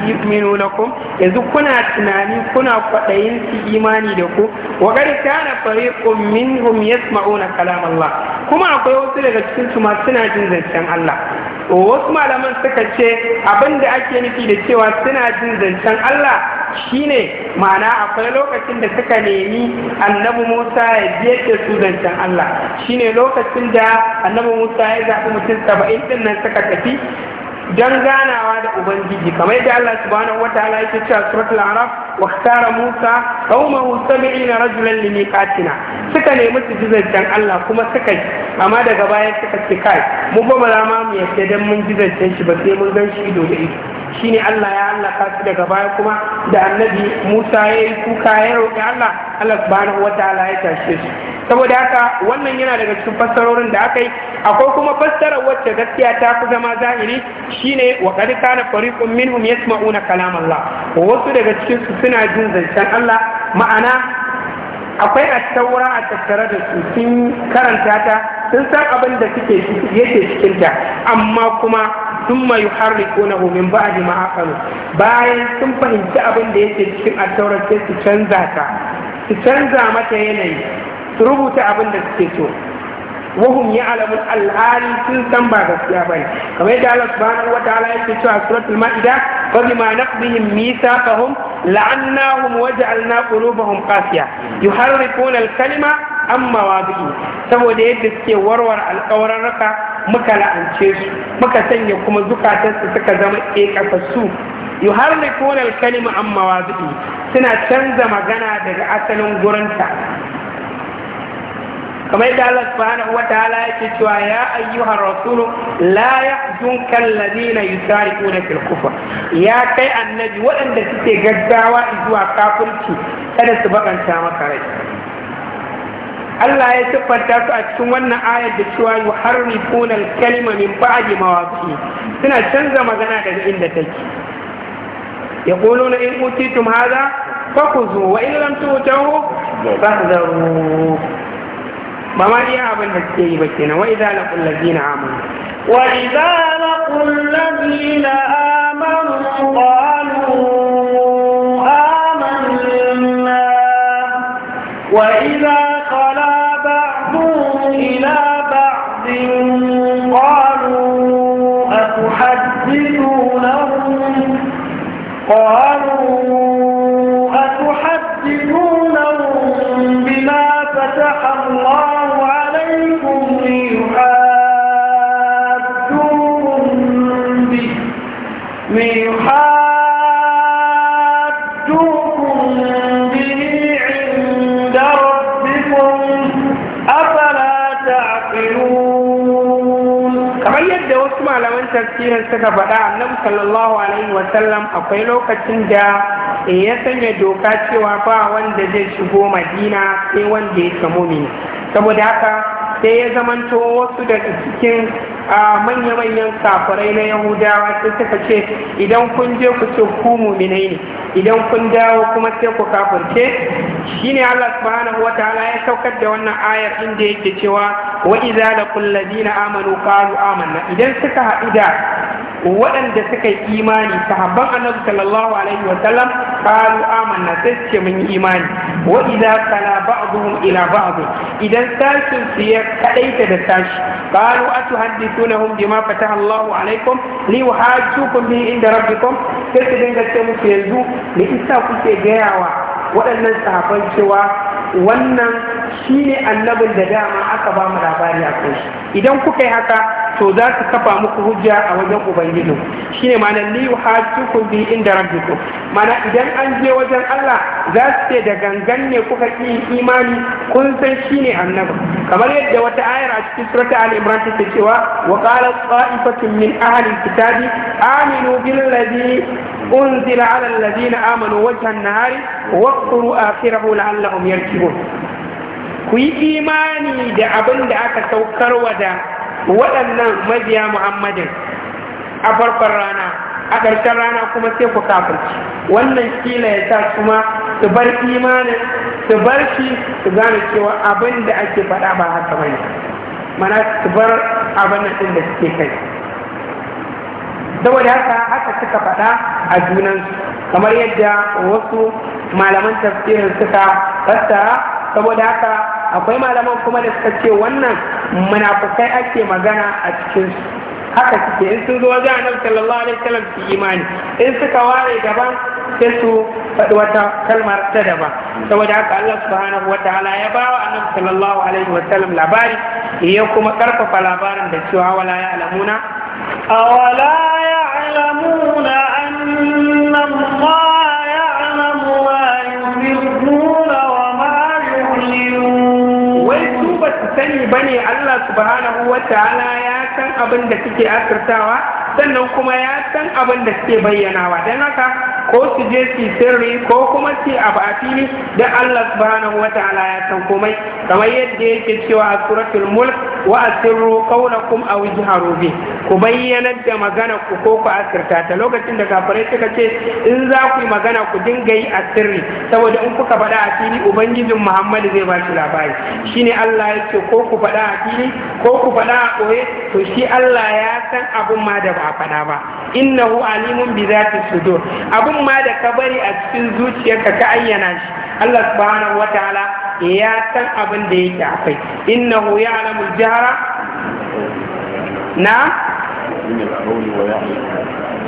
na ku yanzu kuna tunani kuna kwaɗayin su imani da ku wa na kana fariqun minhum ma'una kalam Allah kuma akwai wasu daga cikin su masu suna jin zancen Allah wasu malaman suka ce abinda ake nufi da cewa suna jin zancen Allah shine ma'ana akwai lokacin da suka nemi annabi Musa ya biyar da su zancen Allah shine lokacin da annabi Musa ya zaɓi mutum saba'in ɗin nan suka tafi don ganawa da ubangiji kamar yadda Allah subhanahu wataala yake cewa suratul araf wa ikhtara musa qaumahu 70 rajulan li miqatina suka nemi su ji zancen Allah kuma suka yi amma daga baya suka ce kai mu ba ba za mu yadda dan mun ji zancen shi ba sai mun gan shi ido da ido Shi ne Allah ya hallaka su daga baya kuma da annabi Musa ya yi kuka ya roƙi Allah Allah subhanahu wataala ya tashe su saboda haka wannan yana daga cikin fassarorin da aka yi akwai kuma fassarar wacce gaskiya ta fi zama zahiri shine wa qad kana fariqun minhum yasma'una kalam Allah wasu daga cikin su suna jin zancen Allah ma'ana akwai a taura a tattare da su sun karanta ta sun san abin da suke yake cikinta amma kuma thumma yuharrifunahu min ba'di ma aqalu bayan sun fahimci abin da yake cikin attaurar sai su canza ta su canza mata yanayi su rubuta abin da suke so wahum ya'lamun al'adu sun san ba gaskiya bane kamar yadda Allah subhanahu wa ta'ala yake cewa suratul ma'ida fa bima naqdihim mithaqahum la'annahum waja'alna qulubahum qasiya yuharrifuna al-kalima amma wabi'i saboda yadda suke warware alkawarin raka muka la'ance su muka sanya kuma zukatansu suka zama ƙeƙasassu yu har ne kone kalima amma wabi'i suna canza magana daga asalin gurinta kamar yadda Allah subhanahu wa ta'ala yake cewa ya ayyuha rasulu la yahzunka alladhina yusariquna fil kufr ya kai annabi waɗanda suke gaggawa zuwa kafirci kada su bakanta maka rai Allah ya siffanta su a cikin wannan ayar da cewa yuharrifuna al-kalima min ba'di mawaqi suna canza magana daga inda take yaquluna in utitum hadha fakhudhu wa in lam tu'tuhu وإذا لقوا الذين آمنوا وإذا لقوا الذين آمنوا قالوا آمنا وإذا خلا بعضهم إلى بعض قالوا أتحدثونهم قالوا tafsirin suka faɗa annabi sallallahu alaihi sallam, akwai lokacin da ya sanya doka cewa ba wanda zai shigo madina sai wanda ya samu mini saboda haka sai ya zamanto wasu daga cikin a manya-manyan safarai na yahudawa sai suka ce idan kun je ku ce ku muminai ne idan kun dawo kuma sai ku kafirce shine Allah subhanahu wa ta'ala ya saukar da wannan ayar inda yake cewa wa idza laqul ladina amanu qalu amanna idan suka haɗu da waɗanda suka yi imani sahabban annabi sallallahu alaihi wa sallam qalu amanna sai mun yi imani wa idza kana ba'dhum ila ba'd idan sashin su ya kadaita da sashi qalu atuhaddithunahum bima fataha Allahu alaikum li yuhajjukum bi inda rabbikum sai su dinga ce musu yanzu me isa kuke gayawa waɗannan sahabban cewa wannan shi ne annabin da dama aka ba mu labari a kai idan kuka yi haka to za su kafa muku hujja a wajen ubangiji shi ne ma'anar ni hajjukum bi inda rabbiku mana idan an je wajen Allah za su ce da gangan ne kuka ki imani kun san shi ne annabi kamar yadda wata ayar a cikin surata al-imran take cewa wa qala qa'ifatun min ahli kitabi aminu bil أنزل على الذين آمنوا وجه النهار واقتروا آخره لعلهم يركبون كي إيماني دا أبن دا أكا سوكر ودا ولنا مجيا محمد أفرق الرانا أكرت الرانا كما سيكو كافر ولن كيلا يتاكما تبر إيمانا تبر شي تزانا كيوا أبن دا أكي فتا بها كمان منا تبر أبن دا أكي فتا saboda haka haka suka faɗa a junansu kamar yadda wasu malaman tafsirin suka fassara saboda haka akwai malaman kuma da suka ce wannan munafukai ake magana a cikinsu haka suke in sun zo wajen annabi sallallahu alaihi wasallam su imani in suka ware daban sai su faɗi wata kalmar ta daban saboda haka Allah subhanahu wa ta'ala ya ba wa annabi sallallahu alaihi wa sallam labari ya kuma karfafa labarin da cewa wala ya alamuna awala ya alamuna anna ya ya'lamu ma yusirruna wa ma yu'linun wai su ba su sani bane Allah subhanahu wa ta'ala ya Yasan san abin da suke asirtawa sannan kuma ya san abin da suke bayyanawa don haka ko su je su sirri ko kuma su abu a fili da Allah subhanahu wa ta'ala ya san komai kamar yadda yake cewa a suratul mulk wa asirru qawlakum aw ijharu bi ku bayyanar da magana ku ko ku asirta ta lokacin da kafare suka ce in za ku yi magana ku dinga yi a sirri saboda in kuka faɗa a fili ubangijin Muhammadu zai ba shi labari shine Allah ya ce ko ku faɗa a fili ko ku faɗa a ɓoye to shi Allah ya san abun ma da ba faɗa ba innahu alimun bi zati sudur abun ma da ka bari a cikin zuciyarka ka ayyana shi Allah subhanahu wataala ya san abin da yake akwai innahu ya'lamu al-jahra na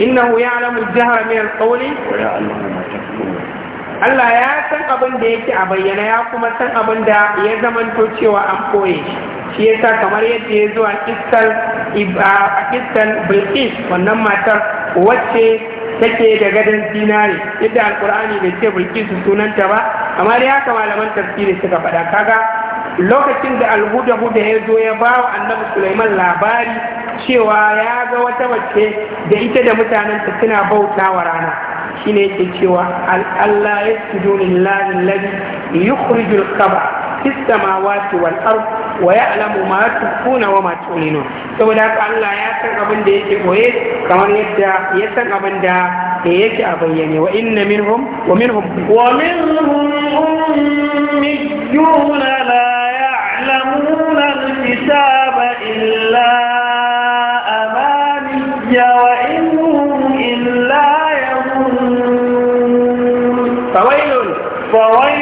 innahu ya'lamu jahra min al-qawli Allah ya san abin da yake a bayyana ya kuma san abin da ya zamanto cewa an koye shi shi yasa kamar yadda ya zo a kistan bilkis wannan matar wacce take da gadon zinari yadda alkur'ani bai ce bilkis sunanta ba amma dai haka malaman tafsiri suka faɗa kaga lokacin da alhuda huda ya zo ya ba wa annabi sulaiman labari cewa ya ga wata mace da ita da mutanenta suna bauta wa rana shine yake cewa Allah ya sujudu lillahi alladhi yukhrijul khaba fi samawati wal ardh wa alamu ma tukuna wa ma tulinun saboda haka Allah ya san abin da yake koye kamar yadda ya san abin da yake a bayyane wa inna minhum wa minhum wa minhum ummiyun la ya'lamuna al-kitaba illa amaniya wa innahum illa yahunnun fawailun fawailun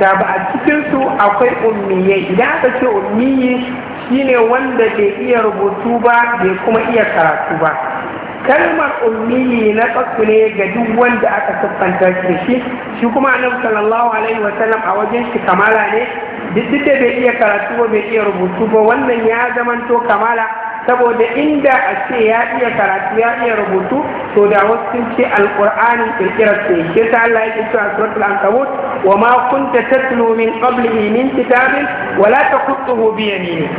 ba a cikinsu akwai ummiyai idan aka ce ummiyi shine wanda bai iya rubutu ba bai kuma iya karatu ba kalmar ummiyi na tsakku ne ga duk wanda aka siffanta shi da shi shi kuma annabi sallallahu alaihi wa sallam a wajen shi kamala ne duk da bai iya karatu ba bai iya rubutu ba wannan ya zamanto kamala saboda inda a ce ya iya karatu ya iya rubutu to da wasu sun ce alqur'ani kirkirar ce shi yasa Allah yake cewa suratul ankabut wa ma kunta tatlu min qablihi min kitabin wa la taqutuhu bi yaminik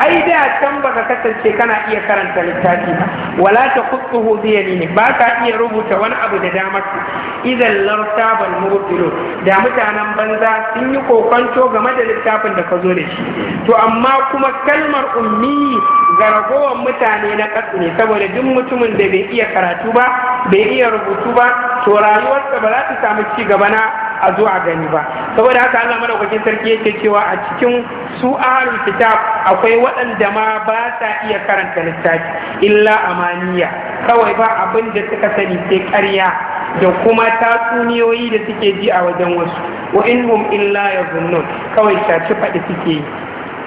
ai da can ka kasance kana iya karanta littafi ba wala ta kutuhu bi ne. ba ka iya rubuta wani abu da damar su idan lartaban mubtilu da mutanen banza sun yi kokonto game da littafin da ka zo da shi to amma kuma kalmar ummi ga ragowar mutane na ƙasa ne saboda duk mutumin da bai iya karatu ba bai iya rubutu ba to rayuwarsa ba za ta samu ci gaba na a zo a gani ba saboda haka Allah madaukakin sarki yake cewa a cikin su ahlul kitab akwai waɗanda ma ba sa iya karanta littafi illa amaniya kawai ba abin da suka sani sai karya da kuma tatsuniyoyi da suke ji a wajen wasu wa inhum illa yazunnun kawai shaci faɗi suke yi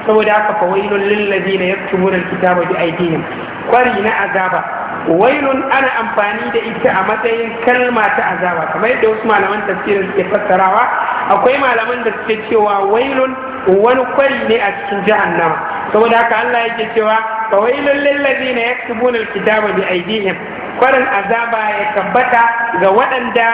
saboda haka fa fawailun lillazina yaktubuna alkitaba bi aydihim kwari na azaba wailun ana amfani da ita a matsayin kalma ta azaba kamar yadda wasu malaman tafsirin suke fassarawa akwai malaman da suke cewa wailun wani kwari ne a cikin jahannama saboda haka Allah yake cewa fawailul lil ladina yaktubuna alkitaba bi aydihim kwarin azaba ya tabbata ga waɗanda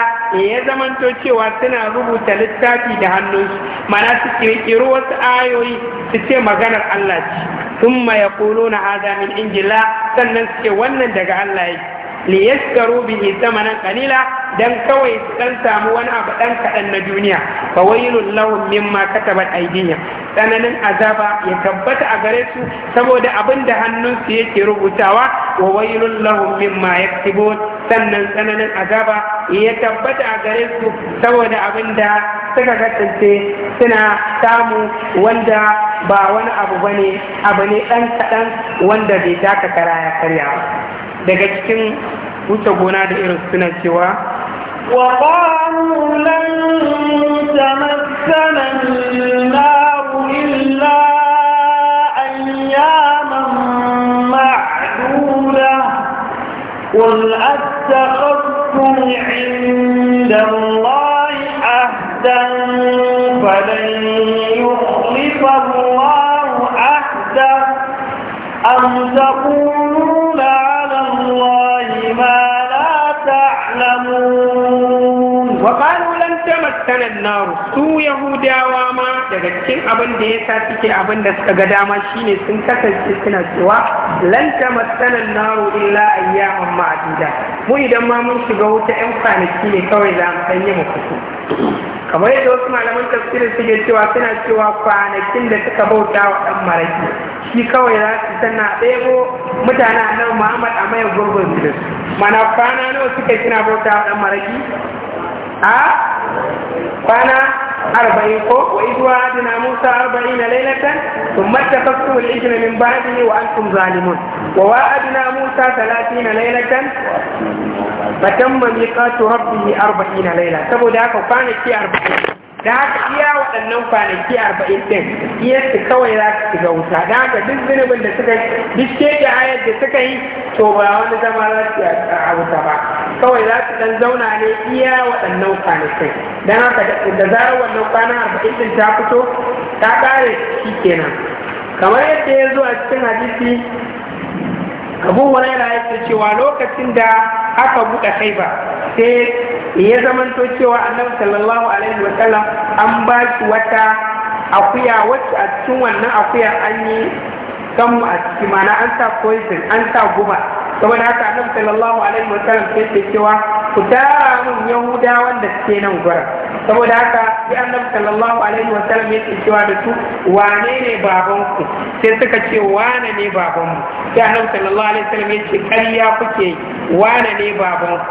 ya zamanto cewa suna rubuta littafi da hannunsu mana su kirkiri wasu ayoyi su ce maganar Allah ce sun ma ya na hada min injila sannan su ce wannan daga Allah yake liyashtaru bihi zamanan qalila dan kawai su dan samu wani abu dan kaɗan na duniya fa wailul lahum mimma katabat aydihim tsananin azaba ya tabbata a gare su saboda abin da hannunsu yake rubutawa wa wailul lahum mimma yaktubun sannan tsananin azaba ya tabbata a gare su saboda abin da suka kasance suna samu wanda ba wani abu bane abu ne dan kaɗan wanda bai taka kara ya karya ba daga cikin wuce gona da irin suna cewa wa qalu lan tamassana an-nar illa ayyaman ma'duda qul attakhadtum 'inda allahi ahdan falan yukhlifa allahu ahda am taqulu makanan naru su yahudawa ma daga cikin abin da ya sa suke abin da suka ga dama shine sun kasance suna cewa lanta makanan naru illa ayyaman ma'adida mu idan ma mun shiga wuta yan kwanaki ne kawai za mu sanya mu fito kamar yadda wasu malaman tafsiri suke cewa suna cewa kwanakin da suka bauta wa dan maraki shi kawai za su sanna ɗebo mutane a nan muhammad a mayar gurbin su mana kwana nawa suka suna bauta wa dan maraki a kwana arba'in ko wa idwa adina musa arba'ina laylatan thumma tafakku al-ijra min ba'dihi wa antum zalimun wa wa'adna musa na 30 laylatan fatamma miqatu arba'in na layla saboda haka kwanaki arba'in. da haka iya waɗannan kwanaki arba'in ɗin iyarsu kawai za su shiga wuta da haka duk zunubin da suka yi duk ayar da suka yi to ba wani zama za su a wuta ba kawai za su ɗan zauna ne iya waɗannan kwanakin don haka da zarar wannan kwana arba'in ɗin ta fito ta ƙare shi kenan kamar yadda ya zo a cikin hadisi abu huraira yake cewa lokacin da aka buɗe haifa sai ya zamanto cewa annabi sallallahu alaihi wa sallam an ba shi wata akuya wacce a cikin wannan akuya an yi kanmu a ciki mana an sa poison an sa guba saboda haka annabi sallallahu alaihi wa sallam sai ce cewa ku tara mun yahudawan wanda suke nan gwara. saboda haka sai annabi sallallahu alaihi wa sallam yake cewa da su wane ne baban ku sai suka ce wane ne babanmu sai annabi sallallahu alaihi wa sallam yake kariya kuke wane ne baban ku?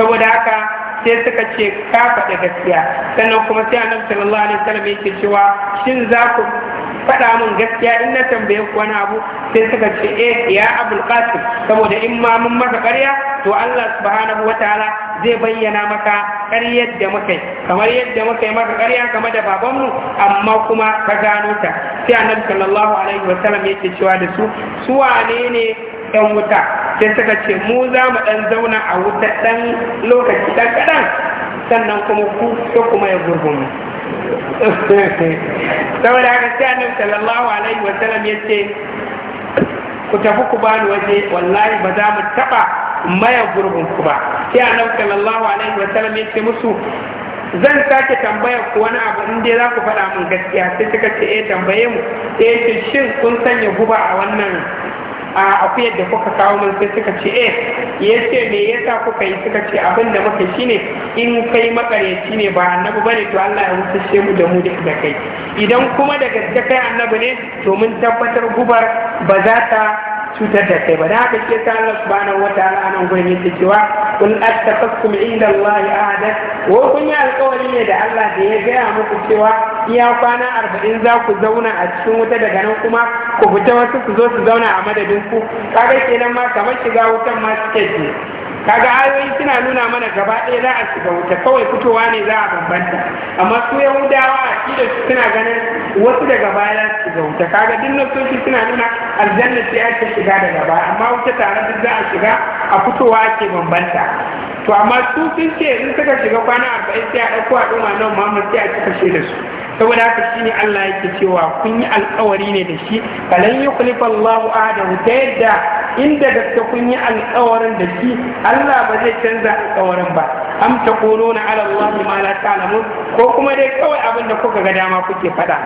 saboda haka sai suka ce ka faɗi gaskiya sannan kuma sai annabi sallallahu alaihi wa sallam yake cewa shin za ku faɗa min gaskiya in na tambaye ku wani abu sai suka ce eh ya abul qasim saboda in ma mun maka ƙarya to Allah subhanahu wataala zai bayyana maka ƙaryar da muka yi kamar yadda muka yi maka ƙarya game da babanmu amma kuma ka gano ta sai annabi sallallahu alaihi wasallam yake cewa da su su wane ne yan wuta sai suka ce mu za mu ɗan zauna a wuta ɗan lokaci ɗan kaɗan sannan kuma ku sai kuma ya gurgurmu saboda haka sai annabi sallallahu alaihi wa sallam ya ce ku tafi ku bani waje wallahi ba za mu taba maya gurbin ku ba sai annabi sallallahu alaihi wa sallam ya ce musu zan sake tambaya ku wani abu in dai za ku faɗa min gaskiya sai suka ce eh tambaye mu eh shin kun sanya guba a wannan a akuyar da kuka kawo mun sai suka ce eh ya ce me yasa kuka yi suka ce abin da muka shine in kai makareci ne ba annabi bane to Allah ya wuce mu da mu da kai idan kuma da gaske kai annabi ne to mun tabbatar gubar ba za ta cutar da kai ba da haka ke ta Allah subhanahu wataala anan gurin yake cewa kun attaqakum inda Allah ahada ko kun yi alƙawari ne da Allah da ya gaya muku cewa iya kwana arba'in za ku zauna a cikin wuta daga nan kuma ku fita wasu ku zo su zauna a madadin ku kaga kenan ma kamar shiga wutan ma suke kaga ayoyi suna nuna mana gaba ɗaya za a shiga wuta kawai fitowa ne za a bambanta amma su yahudawa a shi da suna ganin wasu daga baya za su shiga wuta kaga duk nasoshi suna nuna aljanna sai ake shiga daga baya amma wuta tare duk za a shiga a fitowa ake bambanta to amma su sun ce in suka shiga kwana arba'in sai a ɗauko a ɗuma nan muhammad sai a cika shi da su saboda haka ne Allah yake cewa kun yi alƙawari ne da shi falan yukhlifa Allahu ahadahu ta yadda inda gaske kun yi alkawarin da shi Allah ba zai canza alkawarin ba am ta na ala Allah ma la ta'lamun ko kuma dai kawai abin da kuka ga dama kuke faɗa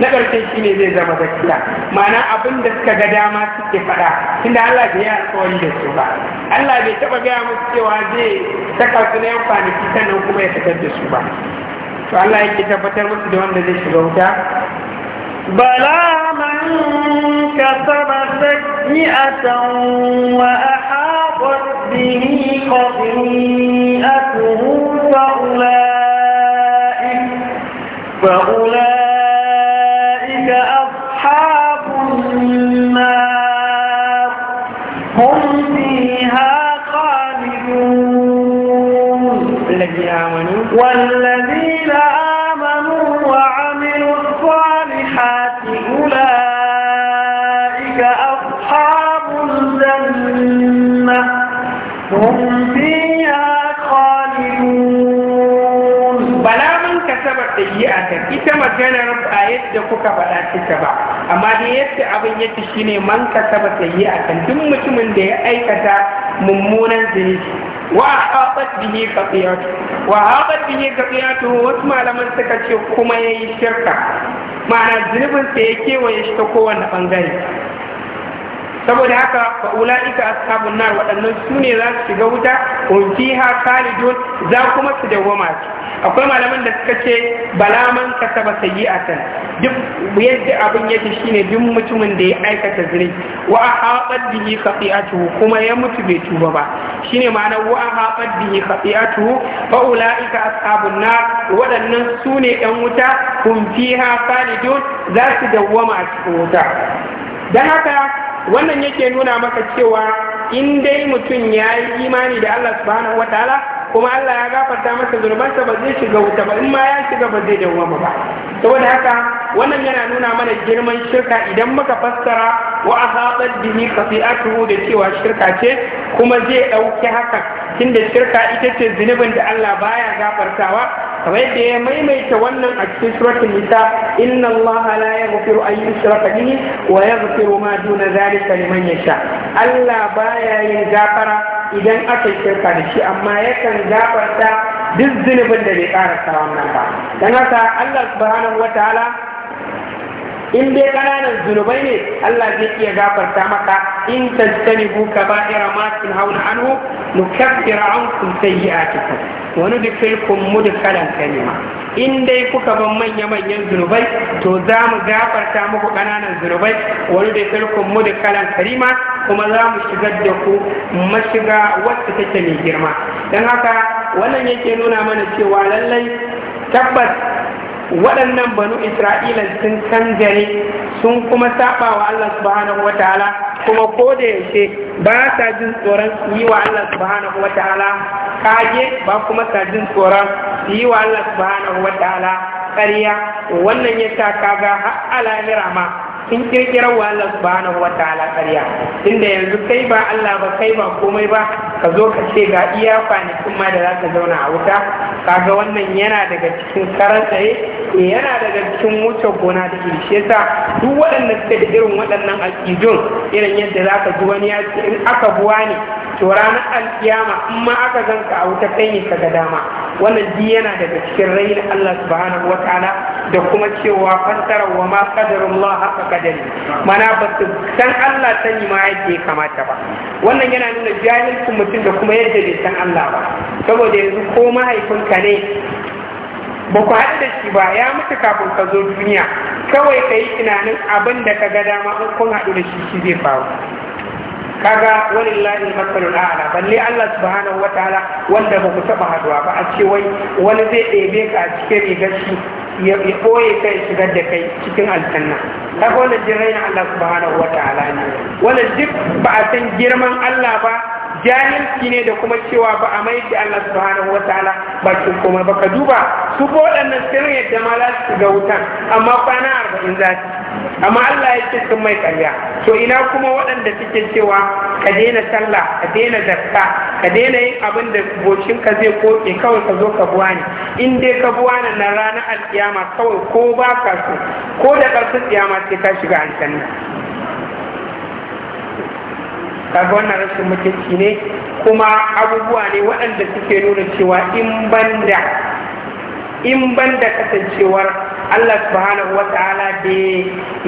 na shi shine zai zama gaskiya ma'ana abin da suka ga dama suke faɗa tunda Allah bai yi alkawari da su ba Allah bai taba gaya musu cewa zai saka su na yan kwanaki sannan kuma ya fitar da su ba to Allah yake tabbatar musu da wanda zai shiga wuta bala ma كسب سجئة وأحاطت به خطيئته فأولئك, فأولئك أصحاب النار هم فيها خالدون maganar ba yadda kuka faɗa cika ba amma da yadda abin yake shine man sayi a kan duk mutumin da ya aikata mummunan zunubi wa haɓat bihi qatiyatu wa haɓat bihi qatiyatu wasu malaman suka ce kuma yayi shirka ma'ana zunubin sa ya kewaye shi ta kowane bangare saboda haka fa ulaika ashabun nar waɗannan su ne za su shiga wuta hum fiha khalidun za kuma su ci. akwai malaman da suka ce bala man kasaba sayyi'atan duk yadda abin yake shine duk mutumin da ya aikata zuri wa ahabat bihi khati'atu kuma ya mutu bai tuba ba shine ma'ana wa ahabat bihi khati'atu fa ulaika ashabun nar waɗannan su ne ɗan wuta hum fiha khalidun za su dawwama a cikin wuta dan haka wannan yake nuna maka cewa in dai mutum ya yi imani da Allah subhanahu wa ta'ala kuma Allah ya gafarta masa zunubansa ba zai shiga wuta ba in ma ya shiga ba zai dawo ba saboda haka wannan yana nuna mana girman shirka idan muka fassara wa ahabat bihi khati'atuhu da cewa shirka ce kuma zai dauki haka tunda shirka ita ce zunubin da Allah baya gafartawa kamar yadda ya maimaita wannan a cikin suratul nisa inna Allah la yaghfiru an yushraka bihi wa yaghfiru ma duna zalika liman yasha Allah baya yin gafara idan aka shirka da shi amma yakan gafarta duk zunubin da bai karasa wannan ba dan haka Allah subhanahu wataala in dai kananan zunubai ne Allah zai iya gafarta maka in ka ba ira ma a anhu Wani da sayyi'atikum wa nudkhilukum mudkhalan kalima in dai kuka ban manya manyan zunubai to za mu gafarta muku kananan zunubai wani wa nudkhilukum kalan karima kuma za mu shigar da ku mashiga wacce take mai girma dan haka wannan yake nuna mana cewa lallai tabbas waɗannan banu isra'ila sun ne sun kuma saba wa Allah subhanahu wa ta'ala kuma ko da yaushe ba sa jin tsoron su yi wa Allah subhanahu wa ta'ala kage ba kuma sa jin tsoron su yi wa Allah subhanahu wa ta'ala ƙarya wannan ya sa kaga har alamira ma sun kirkirar wa Allah subhanahu wataala ƙarya inda yanzu kai ba Allah ba kai ba komai ba ka zo ka ce ga iya kwanakin ma da za ka zauna a wuta kaga wannan yana daga cikin karan tsaye eh, yana daga cikin wuce gona da iri shi yasa duk waɗanda suka da irin waɗannan alƙidun irin yadda za ka ji wani ya ce in aka buwa ne to ranar alkiyama in ma aka zanka a wuta kai ne ka ga dama wannan duk yana daga cikin raina Allah subhanahu wataala da kuma cewa fassara wa ma qadarullah haka adali mana ba su san Allah sani ma yadda ya kamata ba wannan yana nuna jahilcin mutum da kuma yadda bai san Allah ba saboda yanzu ko mahaifinka ne ba ku haɗu da shi ba ya mutu kafin ka zo duniya kawai ka yi tunanin abin da ka ga dama in kun haɗu da shi shi zai faru kaga walillahi al-masalul a'la balle Allah subhanahu wataala wanda ba ku taba haduwa ba a ce wai wani zai ɗebe ka a cikin rigar shi ya ɓoye kai shigar da kai cikin aljanna kaga wannan jirai na Allah subhanahu wataala ne wannan duk ba a san girman Allah ba jahilci ne da kuma cewa ba a mai da Allah subhanahu wataala bakin kuma ba ka duba su ko waɗannan sirrin yadda ma su ga wutan amma kwana arba'in za amma Allah ya ce sun mai karya to ina kuma waɗanda suke cewa ka daina sallah ka daina zakka ka daina yin abin da ka zai koke kawai ka zo ka buwa ne in dai ka buwa na ranar alkiyama kawai ko ba ka so ko da ƙarfin tsiyama sai ka shiga aljanna kaga wannan rashin mutunci ne kuma abubuwa ne waɗanda suke nuna cewa in banda in banda kasancewar Allah subhanahu wa ta'ala da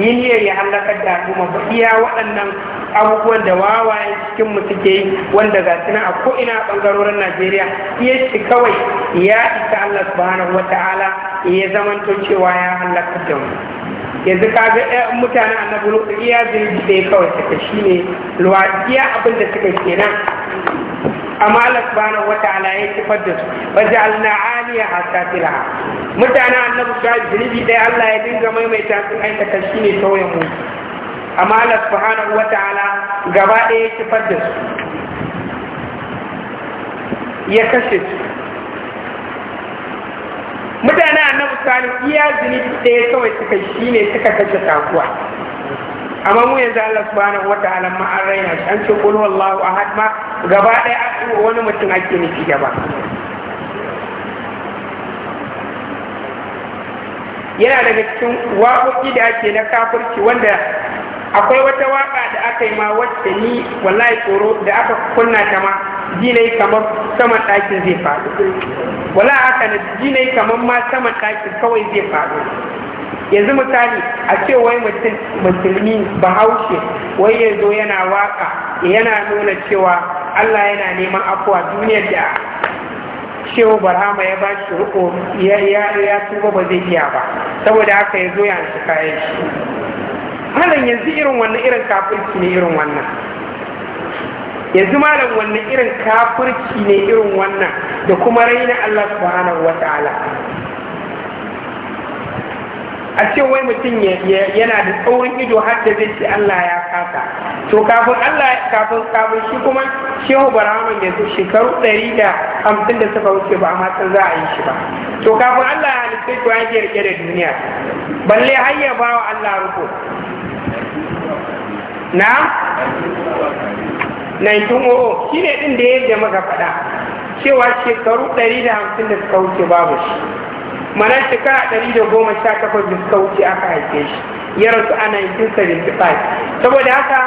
yi niyyar ya halakar da kuma ba iya waɗannan abubuwan da wawaye cikin mu suke yi wanda ga suna a ko'ina a ɓangarorin Najeriya iya shi kawai ya isa Allah subhanahu wa ta'ala ya zamanto cewa ya halakar da mu. yanzu ka ga mutanen annabi iya zirgi ɗaya kawai ta shi ne luwa iya abin da suka kenan amma Allah subhanahu ala ya kifar da su faj'alna 'aliyaha safilaha mutanen annabi ga zunubi dai Allah ya dinga maimaita sun aikata shi ne tauyen mu amma Allah subhanahu ala gaba ɗaya ya kifar da su ya kashe su mutanen annabi salihu iya zunubi ɗaya kawai suka ne suka kashe takuwa amma mu yanzu Allah subhanahu ta'ala ma an raina shi an ce qul wallahu ahad ma gaba ɗaya wani mutum ake nufi gaba yana daga cikin waƙoƙi da ake na kafirci wanda akwai wata waƙa da aka yi ma wacce ni wallahi tsoro da aka kunna ta ma jinai kamar saman ɗakin zai faru wala haka na jinai kamar ma saman ɗakin kawai zai faɗo yanzu misali a ce wai musulmi bahaushe wai yanzu yana waka yana nuna cewa allah yana neman afuwa duniyar da shehu barhama ya ba shi ruko ya tuba ba zai iya ba saboda haka ya zo ya shi kayan shi malam yanzu irin wannan irin kafirci ne irin wannan yanzu malam wannan irin kafirci ne irin wannan da kuma raina allah subhanahu wa ta'ala a ce wai mutum yana da tsaurin ido har da zai ce Allah ya kasa to kafin Allah kafin kafin shi kuma shehu ya zo shekaru ɗari da hamsin da suka wuce ba amma san za a yi shi ba to kafin Allah ya halitta to yake rike da duniya balle har ya ba wa Allah ruko na 1900 shine ɗin da ya yi muka faɗa cewa shekaru ɗari da hamsin da suka wuce babu shi mana shekara ɗari da goma sha takwas da suka wuce aka haife shi ya rasu a 1975 saboda haka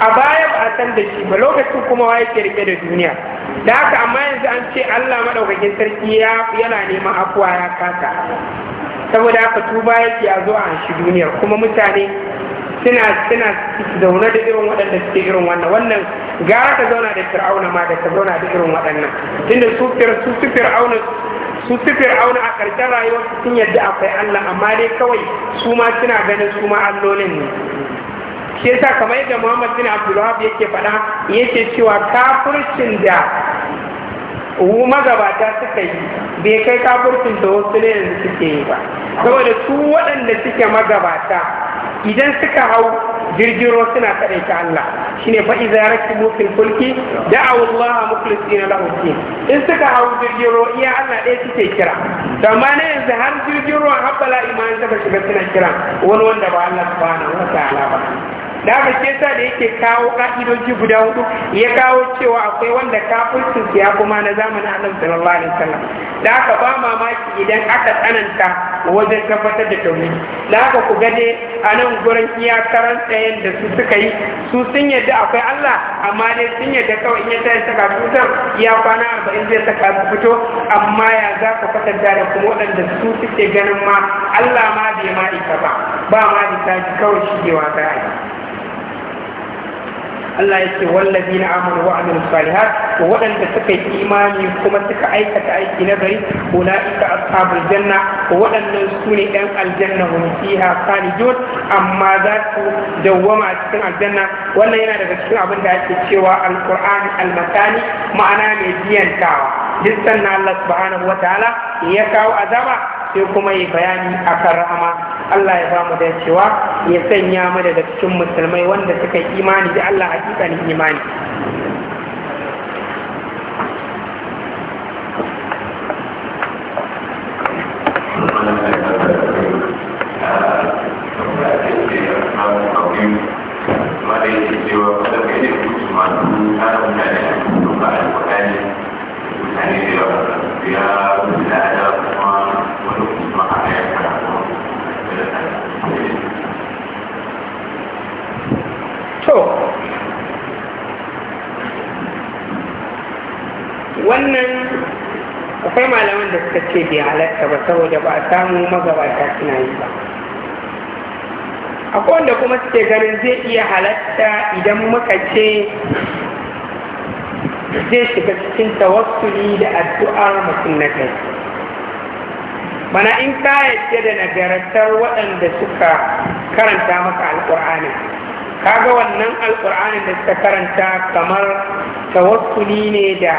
a baya ba a san da shi ba lokacin kuma wa yake rike da duniya da haka amma yanzu an ce allah maɗaukakin sarki yana neman afuwa ya kasa saboda haka tuba yake a zo a shi duniya kuma mutane suna suna zaune da irin waɗanda suke irin wannan wannan gara ka zauna da fir'auna ma da ka zauna da irin waɗannan tunda su su fir'auna su su fir'auna a ƙarshen rayuwar sun yadda akwai Allah amma dai kawai su ma suna ganin su ma allolin ne shi yasa kamar yadda Muhammad bin Abdul yake faɗa yake cewa kafircin da magabata suka yi bai kai kafircin da wasu ne yanzu suke yi ba saboda su waɗanda suke magabata idan suka hau jirgiro suna kaɗaita Allah shine fa idza rakibu fil fulki da'u Allah mukhlisina lahu din in suka hau jirgiro iya Allah ɗaya suke kira amma ne yanzu har jirgiro habbala iman suka shiga suna kira wani wanda ba Allah subhanahu wa ta'ala ba da shi yasa da yake kawo ka'idoji guda hudu ya kawo cewa akwai wanda kafircin ya kuma na zamanin annabi sallallahu alaihi da aka ba mamaki idan aka tsananta wajen tabbatar da tauhidi da aka ku gade a nan gurin iyakaran tsayen da su suka yi su sun yadda akwai Allah amma dai sun yadda kawai in ya tashi saka tutar ya kwana arba'in zai saka su fito amma ya za ku kwatanta da kuma waɗanda su suke ganin ma Allah ma bai ma ita ba ba ma ita kawai shigewa ta yi Allah ya ce wallazi na amanu wa amilu waɗanda suka yi imani kuma suka aikata aiki na gari ita ashabul janna waɗannan su ne ɗan aljanna hum fiha khalidun amma za su dawwama a cikin aljanna wannan yana daga cikin abin da ake cewa alqur'ani almatani ma'ana mai biyantawa duk sannan Allah subhanahu wataala ya kawo azaba sai kuma yi bayani akan rahama Allah ya bamu da cewa ya sanya mu daga cikin musulmai wanda suka yi imani da Allah hakikanin imani Yeah. to wannan akwai malaman da suka ce bai halatta ba saboda ba a samu magabata suna yi ba akwai wanda kuma suke ganin zai iya halatta idan muka ce zai shiga cikin tawassuli da addu'a mutum na kai mana in ka yadda da nagartar waɗanda suka karanta maka alƙur'ani kaga wannan alƙur'anin da suka karanta kamar tawassuli ne da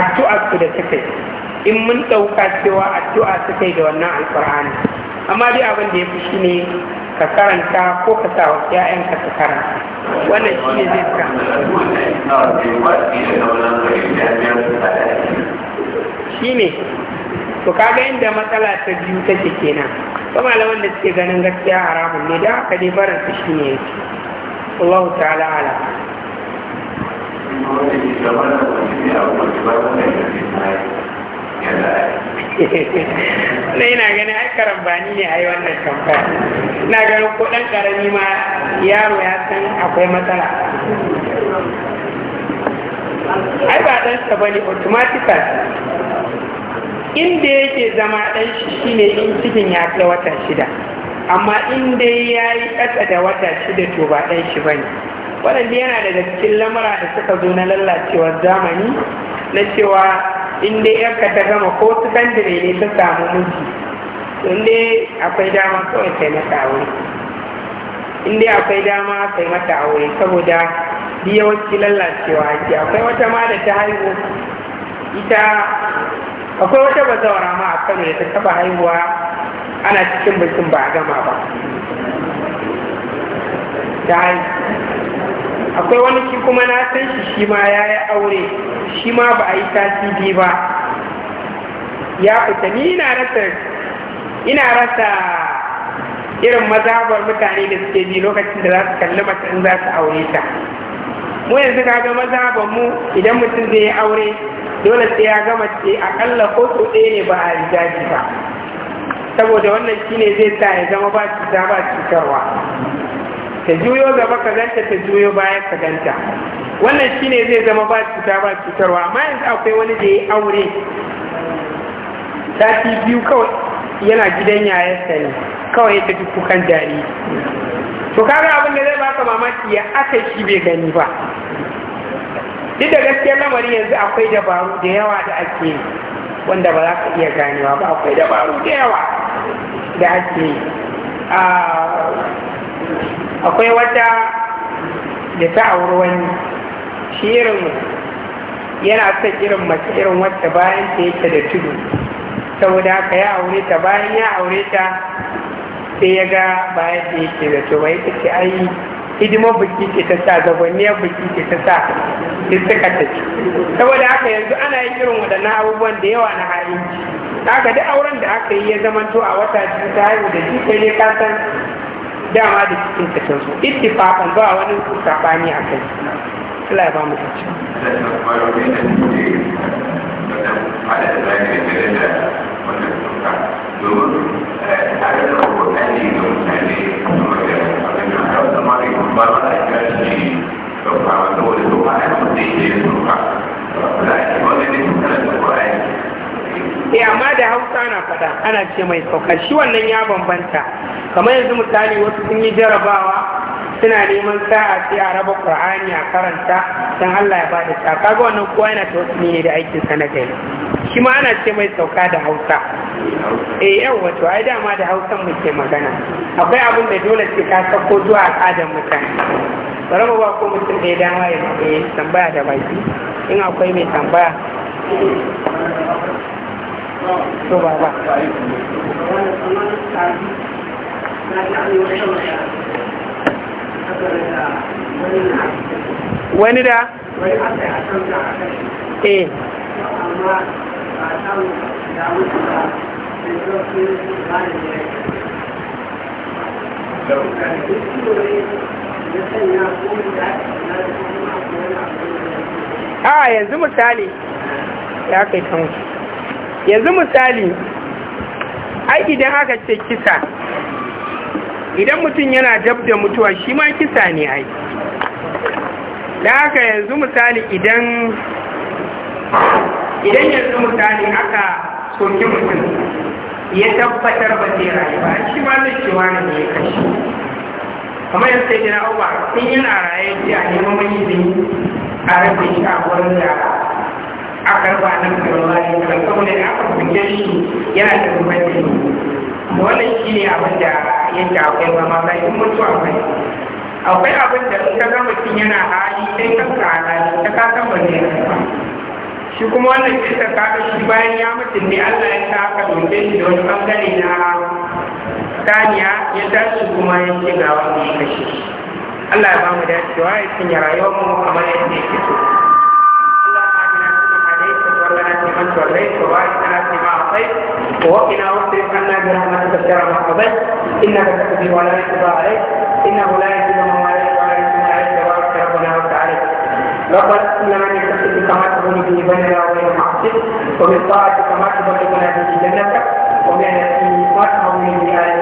addu'a su da suka yi in mun ɗauka cewa addu'a suka yi da wannan alƙur'ani amma dai abin da ya fi shi ne ka karanta ko ka sa wa ka su karanta wannan shi ne zai sa shi ne to kaga inda matsala ta biyu take kenan ba malaman da suke ganin gaskiya haramun ne da haka dai barin su shine yake Allah ta'ala ala na yana gani ai karambani ne ai wannan kamfa. na ganin ko dan karami ma yaro ya san akwai matsala ai ba dan sa bane automatically inda yake zama ɗan shi ne in cikin ya fi wata shida amma inda dai ya yi ƙasa da wata shida to ba ɗan shi ba ne waɗanda yana daga cikin lamura da suka zo na lalacewar zamani na cewa in dai yarka ta gama ko su sakandare ne ta samu miji in dai akwai dama kawai kai mata aure in akwai dama kai mata aure saboda yawanci lalacewa ake akwai wata ma da ta haihu ita akwai wata bazawara ma a kano da ta taba haihuwa ana cikin bikin ba a gama ba ta akwai wani shi kuma na san shi shi ma ya yi aure shi ma ba a yi tasiri ba ya fita ni ina rasa ina rasa irin mazabar mutane da suke bi lokacin da za su kalli mace in za su aure ta mu yanzu kaga mazabar mu idan mutum zai yi aure dole sai ya gama ce akalla ko su ɗaya ne ba a riga shi ba saboda wannan shine zai sa ya zama ba cuta ba cutarwa ta juyo gaba ka ganta ta juyo baya ka ganta wannan shine zai zama ba cuta ba cutarwa amma yanzu akwai wani da ya aure sati biyu kawai yana gidan yayarsa ne kawai ya tafi kukan jariri to kaga abin da zai baka mamaki ya aka shi bai gani ba duk da gaskiyar lamari yanzu akwai dabaru da yawa da ake yi wanda ba za ka iya ganewa ba akwai dabaru da yawa da ake ah, akwai wata da ta auri wani shi yana son irin mace irin wata bayan ta yake da tudu saboda haka ya aure ta bayan ya aure ta sai ya ga bayan ta yake da tudu ta ce ai hidimar biki ke ta sa zagwanniyar biki ke ta sa suka tafi saboda haka yanzu ana yin irin waɗannan abubuwan da yawa na hali haka duk auren da aka yi ya zamanto a wata biyu ta haihu da shi sai ne ka san dama da cikin ta can su ittifaqan ba wani sabani a kai Allah ya ba mu tace domin E, amma da Hausa na faɗa ana ce mai sauka shi wannan ya bambanta kamar yanzu misali wasu sun yi jarabawa suna neman sa'a sai a raba Qur'ani a karanta dan Allah ya bada ta kaga wannan kowa yana ta wasu ne da aikin sa na kai shi ma ana ce mai sauka da Hausa eh yawa to ai dama da Hausan muke magana akwai abin da dole sai ka sako zuwa al'adar mutane bari mu ba ko mutum da ya dama ya tambaya da baki in akwai mai tambaya to ba ba wani da eh a yanzu misali ya kai kan yanzu misali ai idan aka ce kisa idan mutum yana jab da mutuwa shi ma kisa ne ai da haka yanzu misali idan idan yanzu misali aka soke mutum ya tabbatar ba zai rayu ba shi ma zai cewa ne ya kashe. kamar yadda sai jira uba in yana raye sai a neman mai izini a rabe shi a wurin da a karba nan karba ne da saboda da aka fuke shi yana da ne wannan shi ne abin da ya akwai kai ba in mutu kai akwai abin da in ka ga mutum yana hali sai ka kara ta ka san ba zai rayu ba shi kuma wannan kisa kaga shi bayan ya mutu ne Allah ya sa aka dole shi da wani bangare na saniya ya tashi kuma ya ce ga wanda ya kashe Allah ya ba mu dacewa ya sanya rayuwar mu kamar yadda yake so أنت وليت وبارك لنا فيما أعطيت ووقنا واصرف عنا برحمتك شر ما قضيت إنك تقضي ولا يقضى عليك إنه لا يذل من واليت ولا يذل عليك تبارك ربنا وتعالى لقد لنا menuju ibadah yang lebih maksud, pemerintah juga masih berkenaan di jenaka, pemerintah yang masih memiliki